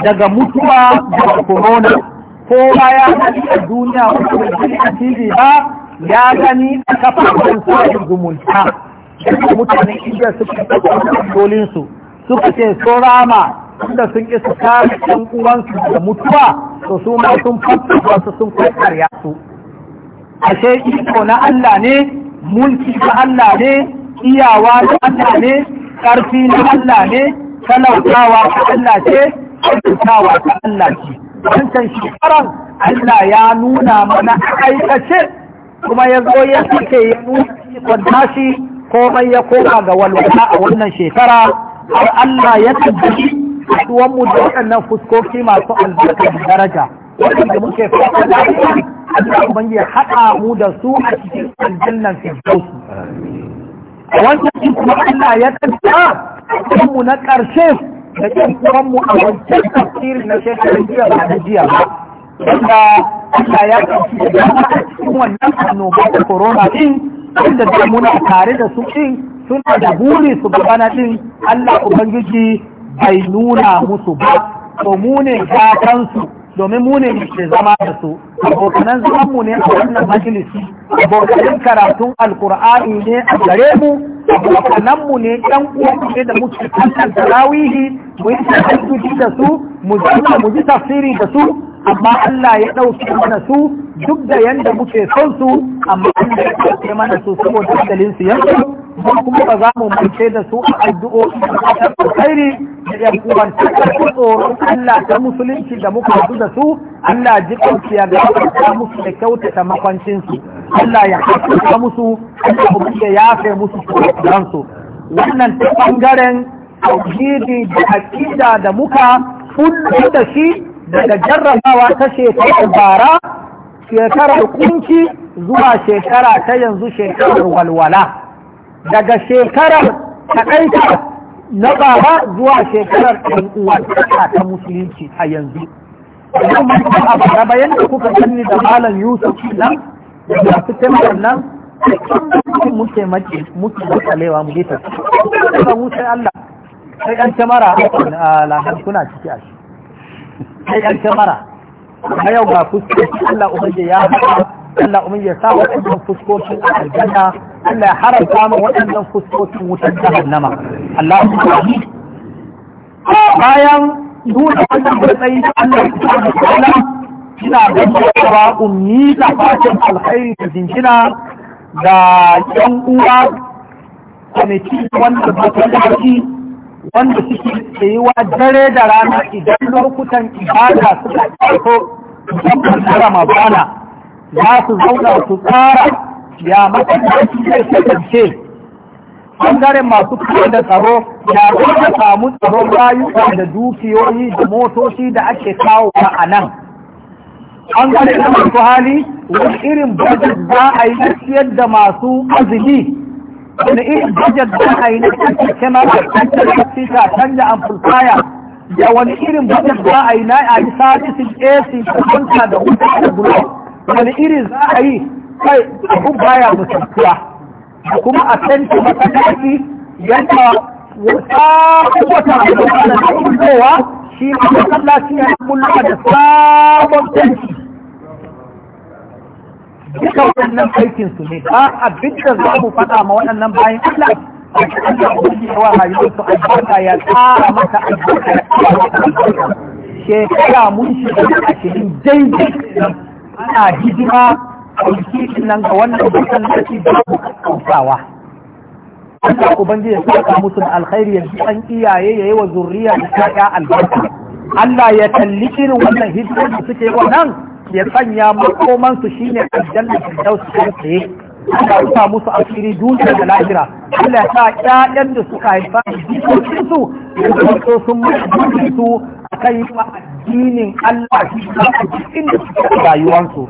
daga mutuwa da corona kowa ya gani a duniya wanda a ba ya gani a kafafen sa'in zumunta da mutane inda suka ɗauke allolinsu suka ce so rama wanda sun ƙi su kare ɗan uwansu da mutuwa to su ma sun su sun ƙarya su ashe iko na Allah ne mulki na Allah ne iyawa na Allah ne ƙarfi na Allah ne talautawa ta Allah ce aikatawa ta Allah ce wancan shekaran Allah ya nuna mana aikace kuma ya zo ya suke ya nuna ikon komai ya koma ga walwala a wannan shekara har Allah ya tabbaci haɗuwan da waɗannan fuskoki masu albarka da daraja waɗanda muke fata da Allah ubangi ya haɗa mu da su a cikin aljannan firdausi wannan shi kuma Allah ya tsaya kan mu na ƙarshe da kan kuma a wancan tafsirin na shekarun jiya ba da jiya ba wanda Allah ya ƙarfi da dama a cikin wannan annoba da corona din wanda da muna tare da su din suna da buri su gabana din Allah ubangiji bai nuna musu ba to mu ne kansu domin mu ne ke zama da su abokanan zaman mu ne a wannan majalisi abokanan karatun alkur'ani ne a gare mu abokanan mu ne ɗan uwa da muke kankan tarawihi mu yi tahajjudi da su mu zauna mu ji tafsiri da su amma Allah ya ɗauke mana su duk da yanda muke son su amma Allah ya ɗauke mana su saboda dalilin su yanzu ko kuma ba za mu mance da su a addu'o'i da kairi da 'yan kuwanta da tsoron Allah ta musulunci da muka hadu da su Allah ji kwanciya da ta musu da kyautata makwancin su Allah ya haƙƙa musu Allah ya yafe musu tsoron su wannan ta bangaren tauhidi da aqida da muka kullu da shi daga jarrabawa ta shekarar bara shekarar kunci zuwa shekara ta yanzu shekarar walwala daga shekarar takaita na baba zuwa shekarar ɗan a ta musulunci a yanzu idan mun ba a bara bayan da kuka sanni da malam Yusuf nan da su tambar nan muke mace muke matsalewa mu dita ba mu sai Allah sai ɗan tamara a lahar kuna ciki a shi sai ɗan tamara a yau ga fuskoki Allah ubangiji ya Allah ubangiji ya sa wa fuskokin aljanna Allah ya haramta min waɗannan fuskokin wutar jahannama Allah ya bayan nuna wannan da Allah ya tsara kala ina ganin ummi da fatan alkhairi da jinjina da yan uwa kwamiti wanda ba ta dace wanda suke tsayuwa dare da rana idan lokutan ibada suka ƙarfo musamman na ramadana za su zauna su tsara ya mataki zai kasance ɓangaren masu kuma da tsaro ya zai samu tsaron rayuka da dukiyoyi da motoci da ake kawo a nan ɓangaren da masu hali wani irin budget za a yi siyar da masu azumi wani irin budget za a yi na canja kemara canja sita canja amfulfaya da wani irin budget za a yi na a yi sabisin ac da da wuta da wani irin za a yi kai abu baya mutuntuwa da kuma a canci masallaci yadda wata wata da kuma shi ma shi ya kula da sabon canci duka waɗannan aikin su ne ba a bidda za mu faɗa ma waɗannan bayan Allah a cikin da kuma yawa rayuwar su albarka ya tsara mata albarka ya tsara mata albarka shekara mun shiga ake yin daidai ana hidima ɗauki nan ga wannan dukkan lokaci da ku Allah ubangiji ya saka musu alkhairi ya an iyaye yayi wa zuriya da ta'ya albarka Allah ya talli irin wannan hidimar da suke nan. ya sanya makoman su shine aljanna da dausu ta tsaye Allah ya sa musu asiri duniya da lahira Allah ya sa ƴaƴan da suka haifa jikokin su ya zo sun mutu su akan yi addinin Allah shi da inda suke rayuwansu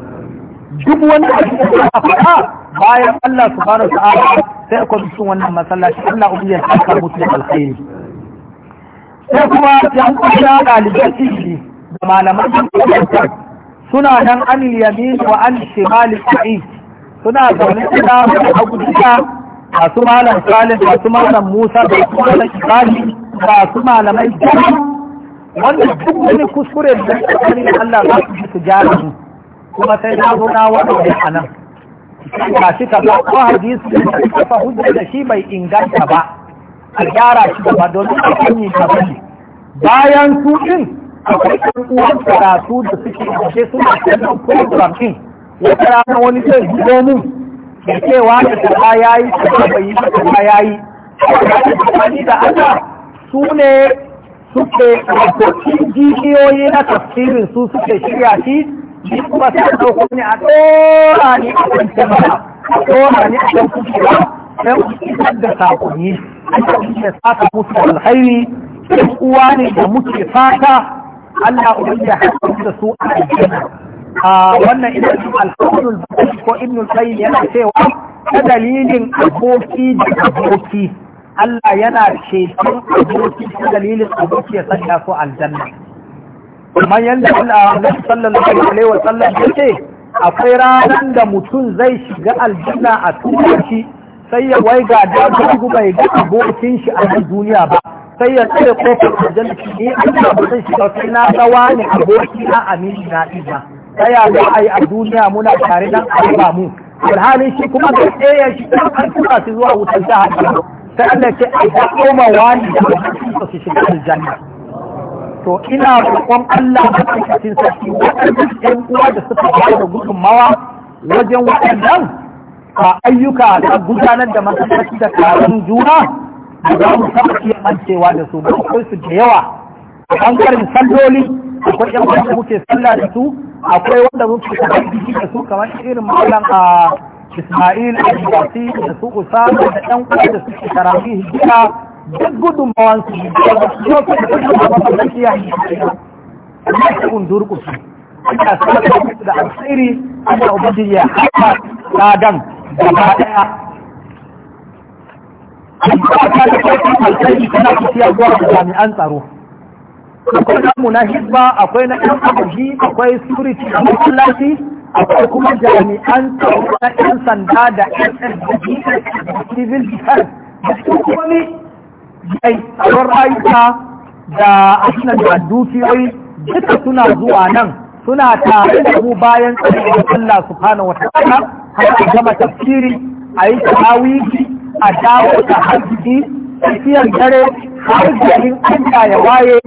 duk wani abu da faɗa bayan Allah su wa ta'ala sai ku bisu wannan masallaci Allah ubi ya saka mutu alkhairi sai kuma yan kusa ɗaliban ilimi da malaman ilimi suna nan an yamin wa an shimali sa'i suna zaune suna a hagu masu malam salim masu malam musa da su malam ibali masu malamai jami'a wanda duk wani kuskure da suka Allah za su ji su gyara su kuma sai na zo na wani a nan ga shi ka ba ko hadisi da kafa hujja da shi bai inganta ba a gyara shi gaba domin a kanyi ta bane bayan su ɗin, akwai ɗan uwan karatu da suke ashe suna kallon program din wata rana wani zai zo mu da cewa da kaza yi ta bai yi kaza yayi tsakani da Allah su ne suke wato jijiyoyi na tafsirin su suke shirya shi ni kuma sai ɗauko ni a ɗora ni a a ni a da sakonni saka uwa ne da muke fata Allah ya haɗa da su a aljanna wannan ina cin alhamdul ko ibnul qayyim yana cewa ta dalilin aboki da aboki Allah yana ceton aboki ta dalilin aboki ya sanya su aljanna kuma yadda Allah sallallahu alaihi wa ya ce. akwai ranar da mutum zai shiga aljanna a tunanci sai ya wai ga dabu bai ga abokin shi a nan duniya ba sai ya tsaye kofar aljanna shi ne Allah ba shi shiga sai na tsawa ne aboki a amini na iya Tsaya ya ga ai a duniya muna tare nan a ba mu alhalin shi kuma da tsaye shi an tura shi zuwa wutar jahannama sai Allah ce a ga koma wani da su shiga aljanna to ina roƙon Allah cikin sarki waɗannan ƴan uwa da suka ba da gudunmawa wajen waɗannan a ayyuka da gudanar da masallaci da karin juna da za mu taɓa iya mancewa da su ba akwai su da yawa a ɓangaren salloli akwai ƴan wanda muke sallah da su akwai wanda muke biki da su kamar irin malam a Ismail a da su Usama da ƴan uwa da suke tarafi hijira duk gudunmawansu da su yau da gudunmawansu da da da da da ta da jami'an tsaro akwai namu na hizba akwai na yan agaji akwai security a masallaci akwai kuma jami'an tsaro na yan sanda da yan civil defense da su kuma jai kamar da ashinan da dukiyoyi duka suna zuwa nan suna tare da mu bayan tsarin Allah subhanahu wa ta'ala har a gama tafsiri a yi tawiki a dawo da hajji tafiyar dare har jirgin Allah ya waye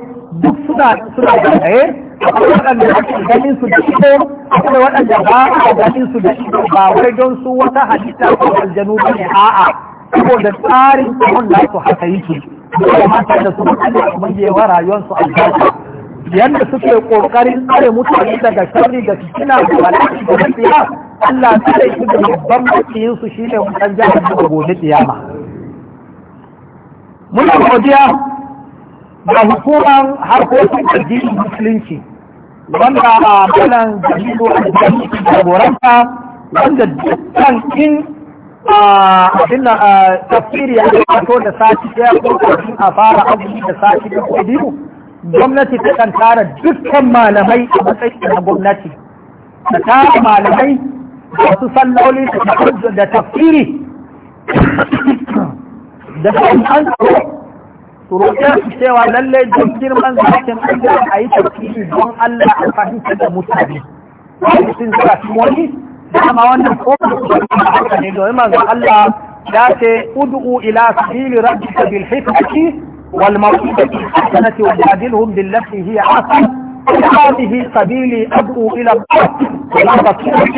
duk suna suna da tsaye akwai waɗanda ake ganin su da ido akwai waɗanda ba a ganin su da ido ba wai don su wata halitta ko aljanu ba ne a'a saboda tsarin tsohon da su haka yake mata da su da kuma yi wa rayuwarsu albarka yadda suke kokarin tsare mutane daga sharri da kina da bala'i da tsiya Allah tsare su da babban makiyin su shine wannan jihar da gobe kiyama muna godiya ga hukumar harkokin addinin musulunci wanda a malan jami'u a jami'u da goranta wanda dukkan in abin da tafsiri ya kato da sati ɗaya ko kafin a fara azumi da sati da ko biyu gwamnati ta kan tara dukkan malamai a matsayin na gwamnati ta tara malamai wasu salloli da tafsiri da kan an tsoro roƙe su cewa lallai duk girman zakin ajiyar a yi tafsiri don Allah a fahimta da mutane. Wani sun zara wani dama wannan kofar haka ne domin manzo Allah ya ce ud'u ila sabili rabbika bil hikmati wal mawidati hasanati wa jadilhum billati hiya ahsan هذه سبيلي أدعو إلى الله ولا بصيرة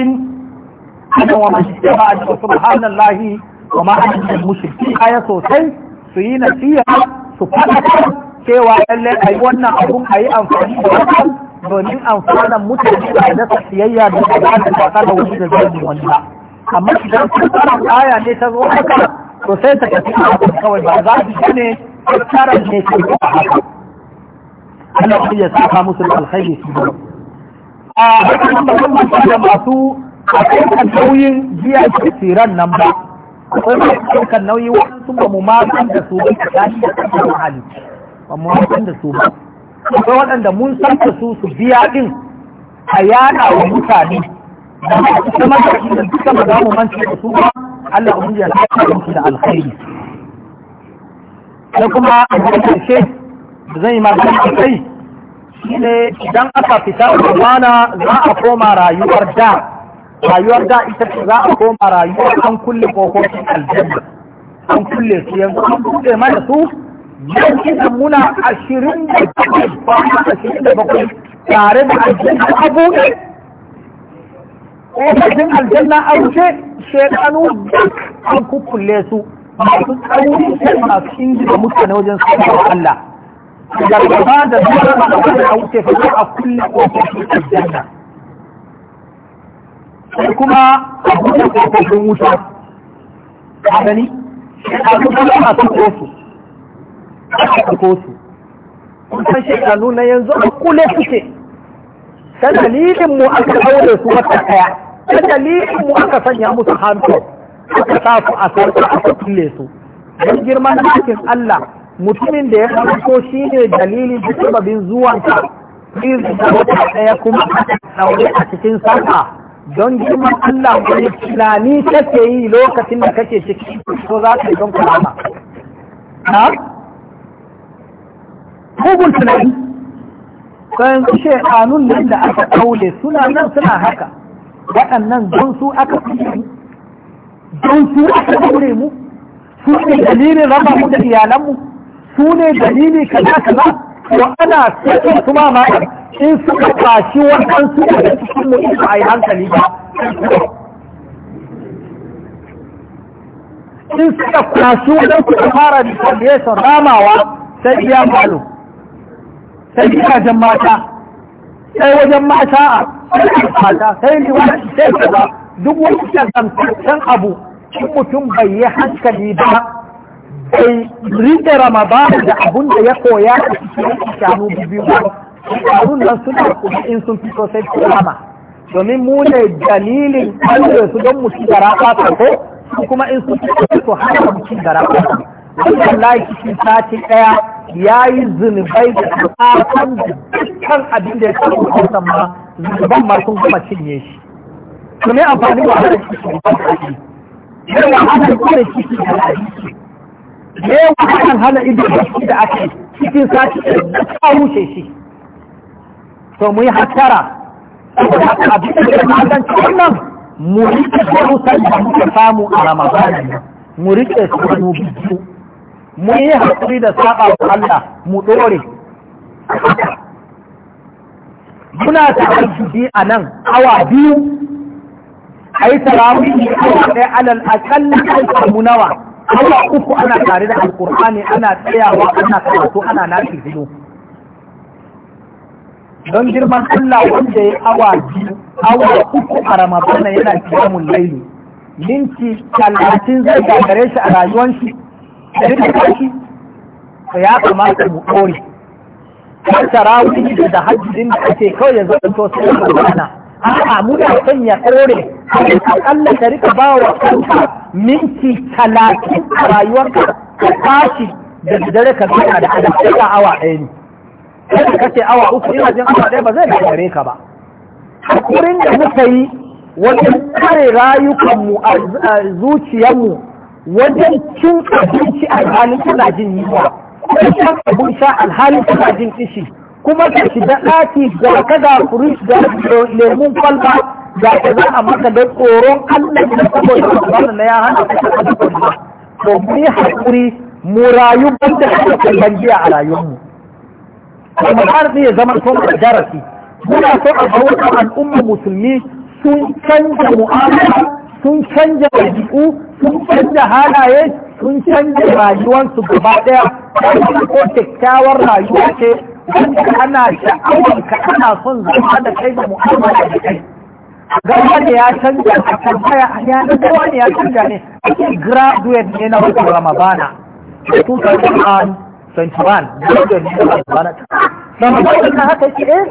أنا ومن اتبعني وسبحان الله وما أنا من المشركين آية سوسي سينا فيها سبحانك cewa lallai a yi wannan abun a yi amfani da wannan domin amfanin mutane da dasa siyayya da ta da kwasa da wani da zai wani ba amma idan ta tsara aya ne ta zo haka to sai ta tafi a haka kawai ba za su ne tsara ne ke a haka ana kuma ya saka musu da alkhairi su gudu a hakan da kuma da masu akwai kan nauyin jiya tsiran nan ba akwai kan nauyi sun ba mu ma da su ba ta shi da hali amma waɗanda su ba akwai waɗanda mun san da su su biya ɗin a yana wa mutane da masu zama da shi da duka ba za mu manta da su ba Allah ubangi ya lafiya musu da alkhairi da kuma a ƙarshe da zan yi magana a kai shine idan aka fita umarna za a koma rayuwar da rayuwar da ita ce za a koma rayuwar an kulle kofofin aljanna an kulle su yanzu an kulle mana su yau kisa muna ashirin da bakwai kwana ashirin da bakwai tare da aljanna a buɗe ƙofofin aljanna a rufe shekanu duk an kukkulle su masu tsauri sai masu inji da mutane wajen wa Allah da gaba da zuwa da a wuce fata a kulle ƙofofin aljanna sai kuma a buɗe ƙofofin wuta a gani shekanu da masu ƙofu aka ɗauko su kusan shekaru na yanzu a kule suke ta dalilin mu aka aure su wata ɗaya ta dalilin mu aka sanya musu hantu, aka sa su a sarki aka kulle su don girman cikin Allah mutumin da ya ɗauko shi ne dalilin da sababin zuwanka irin da wata ɗaya kuma aka ɗaure a cikin sarka don girman Allah wani tunani kake yi lokacin da kake ciki to za ka yi don kulama. mugun tunani bayan shekanun nan da aka kaule suna nan suna haka waɗannan don su aka fi don su aka kure mu su ne dalilin raba mu da iyalanmu su ne dalili kaza kaza wa ana sakin su ma ma'a in suka kwashi wannan su da cikin mu in a yi hankali ba in suka kwashi wannan su fara da ramawa sai iya malu sai gidajen mata sai wajen mata a mata sai liwaci sai kaza duk wani shagantaccen abu in mutum bai yi hankali ba bai rike ramadan da abun da ya koya a cikin shanu biyu ba abun nan suna kuma in sun fito sai kurama domin mu ne dalilin kalle su don mu ci gara ko kuma in sun fito su hana mu ci gara wallahi cikin sati ɗaya ya yi zunubai da tsakon dukkan abin da ya samu kansa ma zunuban ma sun gama cinye shi to ne amfani wa hada ciki da ciki ne wa hada kore ciki da lafi ne wa hada hana ido da ciki da ake cikin sati ɗaya ta wuce shi to mu yi hattara saboda haka abin da ya magance wannan mu rike kurusan da muka samu a ramadani mu rike su hannu biyu mu yi haƙuri da saba wa Allah mu ɗore muna ta aiki a nan awa biyu a yi tarawih awa ɗaya alal aƙalla kan samu nawa awa uku ana tare da alƙur'ani ana tsayawa ana karatu ana nafi zino. don girman Allah wanda ya awa biyu awa uku a Ramadana yana kiyamun laili minti talatin zai gagare shi a rayuwan shi da duka kashi to ya kamata mu ɗore har tarawih da hajjin da ake kawai yanzu da to sai mu gana a'a mu da son ya ɗore akalla ka rika ba wa kanka minti talatin a rayuwarka ka kashi da dare ka gana da adabta awa ɗaya ne kada kace awa uku ina jin awa ɗaya ba zai da gare ka ba hakurin da muka yi wajen kare rayukanmu a zuciyarmu wajen cin abinci alhalin kana jin yunwa ko shan bun sha alhalin kana jin kishi kuma ka shiga ɗaki ga ka ga da lemun kwalba ga ka za a maka da tsoron Allah da saboda wannan na ya hana ka shiga kwalba to mu yi hakuri mu rayu banda da kwalban giya a rayuwarmu kuma har ya zama son darasi muna so a al'umma musulmi sun canza mu'amala sun canja wajiku sun canja halaye sun canja rayuwarsu gaba ɗaya ko kyakkyawar rayuwa ce wanda ana sha'awar ka ana son zama da kai da mu'amala da kai gaba ne ya canja a kan haya yanar gaba ne ya canja ne ake graduate ne na wata ramadana 2021 graduate ne na ramadana ramadana haka ce eh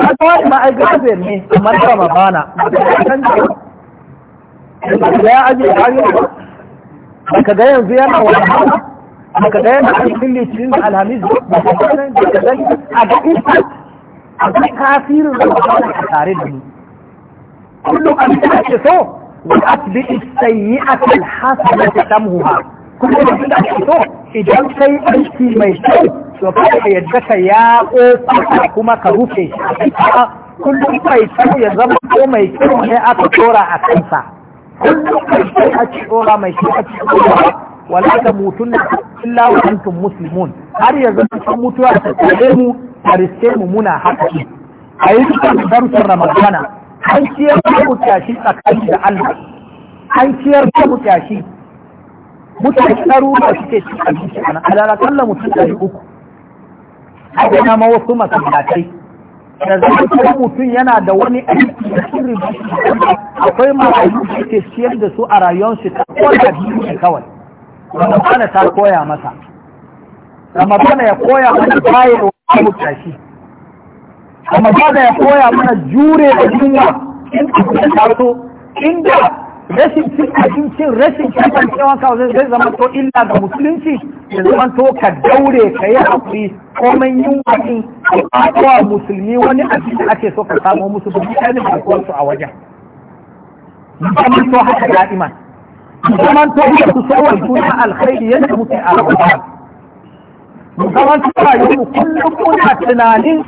a kawai ma'ai graduate ne kamar ramadana ba ta canja da ya ajiye ayoyi ba ka ga yanzu yana wani ba ka ga yana cikin litinin da alhamis ba ka ga nan da ka gani a ga isa a ga kafirin da ba ka tare da mu. kullum abin da ake so wa asbi'i ta alhasanata tamhuha kullum abin da ake so idan kai aiki mai kyau to ka yadda ka ya kofa kuma ka rufe shi kullum mai kyau ya zama ko mai kyau ne aka tora a kansa kullum mai sai a ci tsora mai shi a ci tsora wala ta mutun illa wa antum muslimun har yanzu sun mutuwa ta tsare mu a riske mu muna haka ne a yi cikin darussan ramadana an ciyar da mu tashi tsakani da Allah an ciyar da mu tashi mutane ɗaruruwa suke cin abinci a nan alalakalla mutum ɗari uku a gina ma wasu masallatai da zai mutum yana da wani aiki da sirri akwai marayu da ke ciyar da su a rayuwarsu ta kwanta biyu ne kawai ramadana ta koya masa ramadana ya koya mana bayar wa mutashi ramadana ya koya mana jure da yunwa in ka taso inda rashin cin abincin rashin kasancewa ka zai zama to illa ga musulunci da zama to ka daure ka yi haƙuri komai yunwa din ka musulmi wani abin da ake so ka samo musu domin ka su a wajen zaman to haka da'iman zaman to haka su sauwa juna alkhairi yadda muke a ramadan zaman to rayuwar kullum kuna tunanin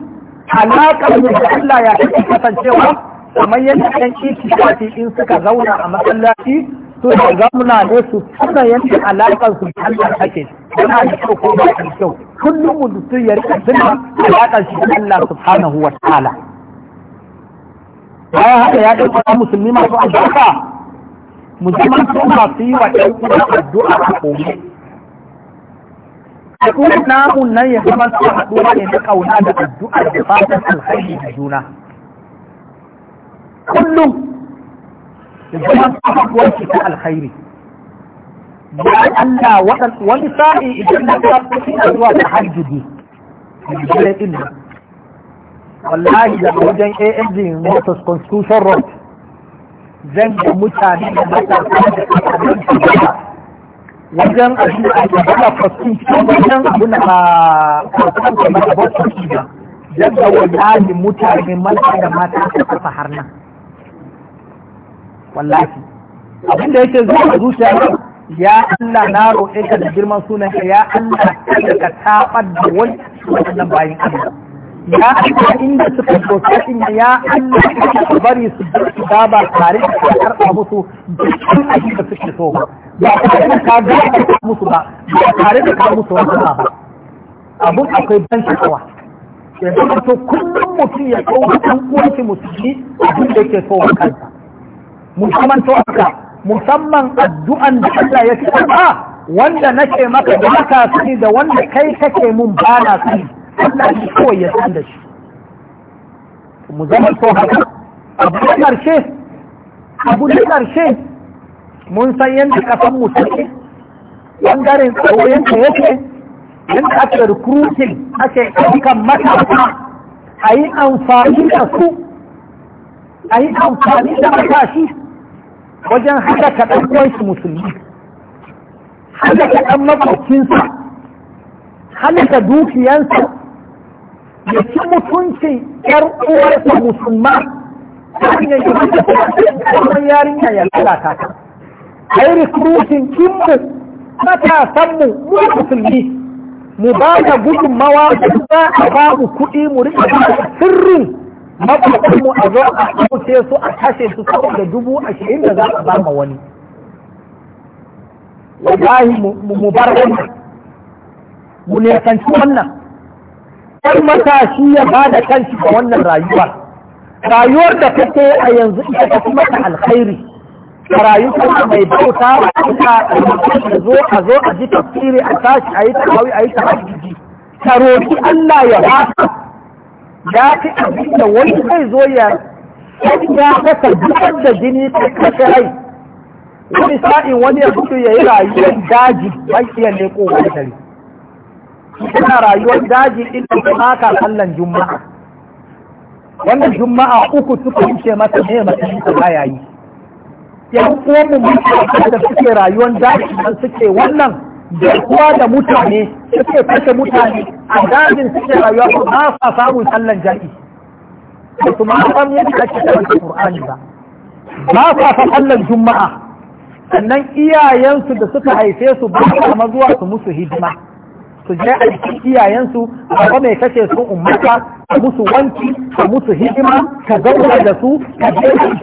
alaƙar da Allah ya kasance kasancewa kamar yadda ɗan itikafi in suka zauna a masallaci to da zauna ne su suna yadda alaƙar su da Allah take yana da kyau ko ba da kyau kullum su ya rika suna alaƙar su Allah subhanahu wa ta'ala bayan haka ya ɗauka musulmi masu albarka musamman su masu yi wa ɗan uwa addu'a a komai Al'ummar namun nan ya zama su haɗuwa ne na ƙauna da addu'ar da fatan alhaji da juna. كله يجب ان تقف والشفاء الخيري يعني ان لا وقت ولسائي اجب ان تقف الواقع الجدي يجب ان والله يجب ان اجب ان اجب ان نفس كونسكوشن رب زين متاني wajen abin da ake gaba fasin wajen abin da kwakwakwakwa da bakwakwakwa da yadda wajen mutane mata da mata su kasa harnan wallahi abinda yake zuwa zuciya ya Allah na roƙe ka da girman sunan ka ya Allah da ka tabar da wani wannan bayin Allah ya Allah inda suka dosa in ya Allah ka bari su su da ba tare da karɓa musu dukkan abin da suke so ba ka tare da ka ga musu ba ba tare da ka musu wani ba abun akwai ban sha'awa yanzu to kullum mutum ya kawo kan uwanki musulmi abin da yake so wa kansa musamman to haka musamman addu'an da Allah ya ce ba wanda nake maka da haka sani da wanda kai kake mun bana na sani Allah shi kawai ya san da shi mu zama to haka abu na karshe abu na karshe mun san yadda kasan mu take bangaren tsaro yadda yake yadda ake recruiting ake ɗaukan matasa a yi amfani da su a yi amfani da matashi wajen halaka ɗan uwansu musulmi halaka ɗan makwabcinsa halaka dukiyansa ya ci mutuncin ƴar uwarsa musulma ya yi mata kuma yarinya ya lalata ta ai recruiting kinmu matasanmu mu musulmi mu ba da gudunmawa za a ba mu kuɗi mu riƙa sirrin makwatan mu a zo a kauce su a kashe su saboda dubu ashirin da za a ba ma wani wallahi mu bar wannan mu nesanci wannan kar matashi ya ba da kanshi ga wannan rayuwa. rayuwar da kake a yanzu ita ta kuma ta alkhairi rayuwar mai bauta a zo a zo a ji tafsiri a tashi a yi ta tawawi a yi ta tahajjiji ka roki Allah ya ba ya fi da wani zai zo ya ya kasa dukkan da jini ta kashe rai wani sa'in wani ya fito ya yi rayuwar daji mai iya leko wani dare Kuna rayuwar daji inda da kuma ka juma'a wannan juma'a uku suka ce masa ne masu yi baya yi yan uwan mu mun da suke rayuwar daji suke wannan kuwa da mutane suke kashe mutane a dajin suke rayuwa ko ba sa samun sallan jari ba su ma san yadda ake karanta Qur'ani ba ba sa san sallan juma'a sannan iyayensu da suka haife su ba sa mazuwa su musu hidima su je a cikin iyayensu ba mai kashe su ummata su musu wanki su musu hidima ka zauna da su ka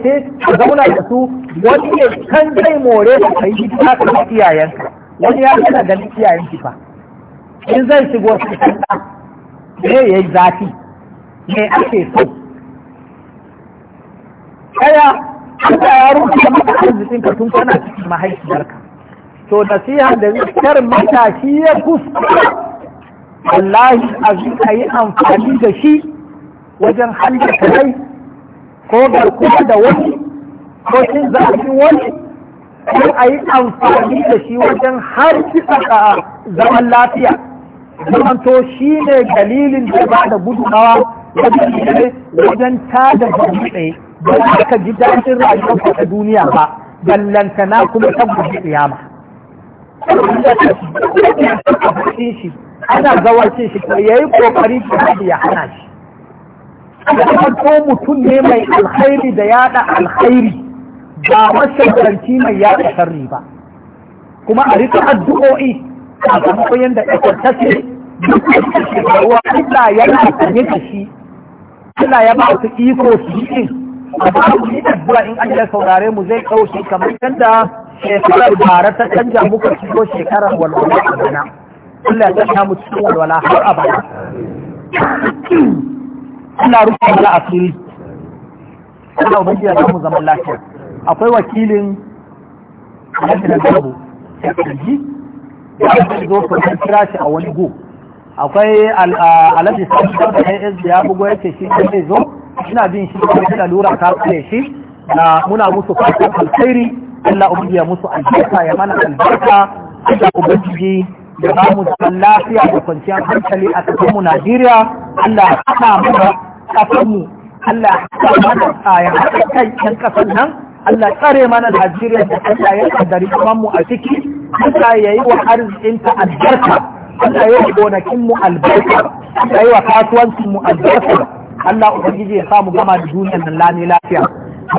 je ka zauna da su wani ne kan zai more ka yi hidima ka iyayenka wani ya kada ganin iyayen shi fa in zai shigo cikin ɗa me yayi zafi me ake so kaya Allah ya rubuta mata arzikin ka tun kana cikin mahaifiyarka to nasiha da zikar matashi ya kuskura wallahi azin a yi amfani da shi wajen halitta kai ko garkuwa da wani ko cin zafin wani ko a yi amfani da shi wajen har kisa tsaka zaman lafiya zamanto shi ne dalilin da ba da gudunawa wajen tada gudu tsaye ba ka ji daɗin rayuwar ta duniya ba ballantana kuma ta gudu tsiyama shi ana gawarcin shi ya yi kokari da ya hana shi ko mutum ne mai alkhairi da yada alkhairi ba mashagarci mai yaɗa sharri ba kuma a rika addu'o'i a sakamakon yadda ƙasar ta ce duk da shekaruwa Allah yana sanye da shi Allah ya ba su iko su yi a ba su yi addu'a in an yi saurare mu zai ɗauke kamar yadda shekarar bara ta canja muka shigo shekarar walwala a bana Allah ya sanya mu cikin walwala har abada Allah rufe mana asiri Allah ubangiji ya samu zaman lafiya akwai wakilin alhaji na gabu ya kirji ya zo ku an kira shi a wani go akwai alhaji sami da ya yi ya bugu ya ce shi ne zai zo ina bin shi da kuma lura ta kare shi na muna musu fatan alkhairi Allah ubiya musu albarka ya mana albarka Allah ubangiji da ba mu zaman lafiya da kwanciyar hankali a cikin mu Najeriya Allah ya haɗa mu da ƙasar mu Allah ya haɗa mu da ya haɗa kan ƙasar nan Allah tsare mana Najeriya da Allah ya kaddari kaman mu a ciki Allah ya yi wa arzikin ta albarka Allah ya yi gonakin mu albarka Allah ya yi wa kasuwancin mu albarka Allah ubangiji ya samu gama da duniyar nan lami lafiya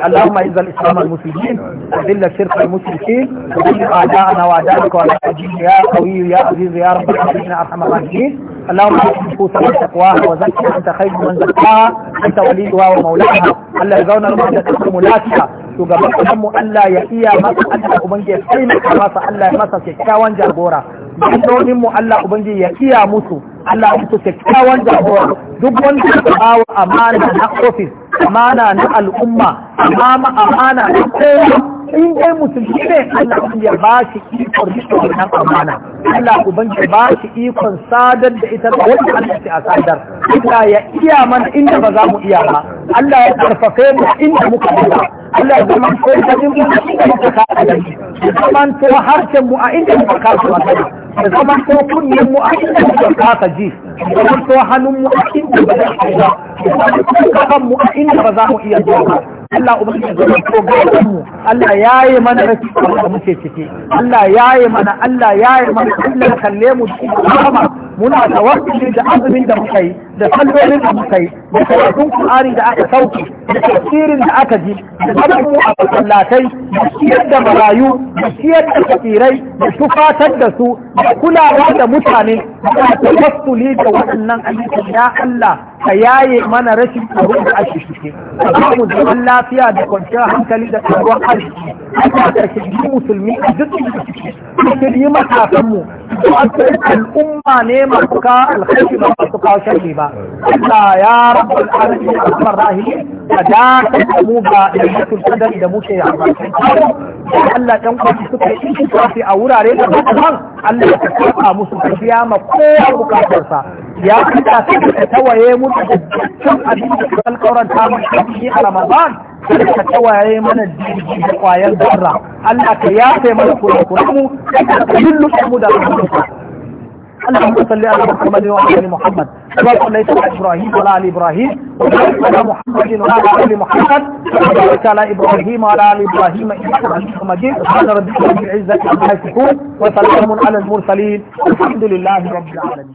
اللهم اعز الاسلام المسلمين واذل الشرك المشركين واذل اعداءنا واعداءك ولا يا قوي يا عزيز يا رب العالمين ارحم الراحمين اللهم اعز نفوسنا تقواها وزكها انت خير من زكاها انت وليها ومولاها الا يزون المهدة الملاتها shugaban kasan mu Allah ya iya masa Allah ubangi ya kai masa Allah ya masa kyakkyawan jagora bandonin mu Allah ubangi ya iya musu Allah musu kyakkyawan jagora duk wanda ya bawo amana na ofis amana na al'umma amana na kowa in dai musulmi ne Allah ya ba shi ikon rike wannan amana Allah ya ba shi ikon sadar da ita da wanda Allah a sadar Allah ya iya mana inda ba za mu iya ba Allah ya karfafe mu inda muka iya Allah ya zama ko da din mu inda muka kada da shi zaman to harshen mu a inda muka ka wa ba. da zaman to kunnen mu a inda muka kasa ji da zaman to hannun mu a inda ba za mu iya da zaman to kafan mu a inda ba za mu iya ba Allah ubangiji zai ko ga mu Allah yayi mana rashin da muke ciki mana Allah yayi mana Allah kalle mu kuma muna tawakkali da azumin da muka yi da sallolin da muka yi da karatun Qur'ani da aka sauki da tafsirin da aka ji da sabbin a masallatai da ciyar da marayu da ciyar da fakirai da tufatar da su da kulawa da mutane muna tawassuli da waɗannan ayyukan ya Allah ka yaye mana rashin tsaro da ake ciki ka ba mu zaman lafiya da kwanciyar hankali da tsaron arziki Allah ka shirye musulmi a duk inda suke ka shirye matakan mu wasu al'umma ne masu ka alkhairi ba masu kawo sharri ba Allah ya rabbul alamin akbar rahimi ka da ka mu ba da mutum kadari da muke a bakin Allah dan kwaci suka yi kafi a wurare da Allah ka kafa musu ka biya ma kowa bukatarsa ya kada ta ka tawaye mutu da dukkan abin da kan kauran ta mutu shi a Ramadan kada ka tawaye mana jirgi da kwayar zarra Allah ka yafe mana kurakuranmu da ka yi mu da rahmatinka اللهم صل على محمد وعلى ال محمد كما صليت على ابراهيم وعلى ال ابراهيم وبارك على محمد وعلى ال محمد وبارك على ابراهيم وعلى ال ابراهيم انك حميد مجيد سبحان ربك رب العزه عما يصفون وسلام على المرسلين والحمد لله رب العالمين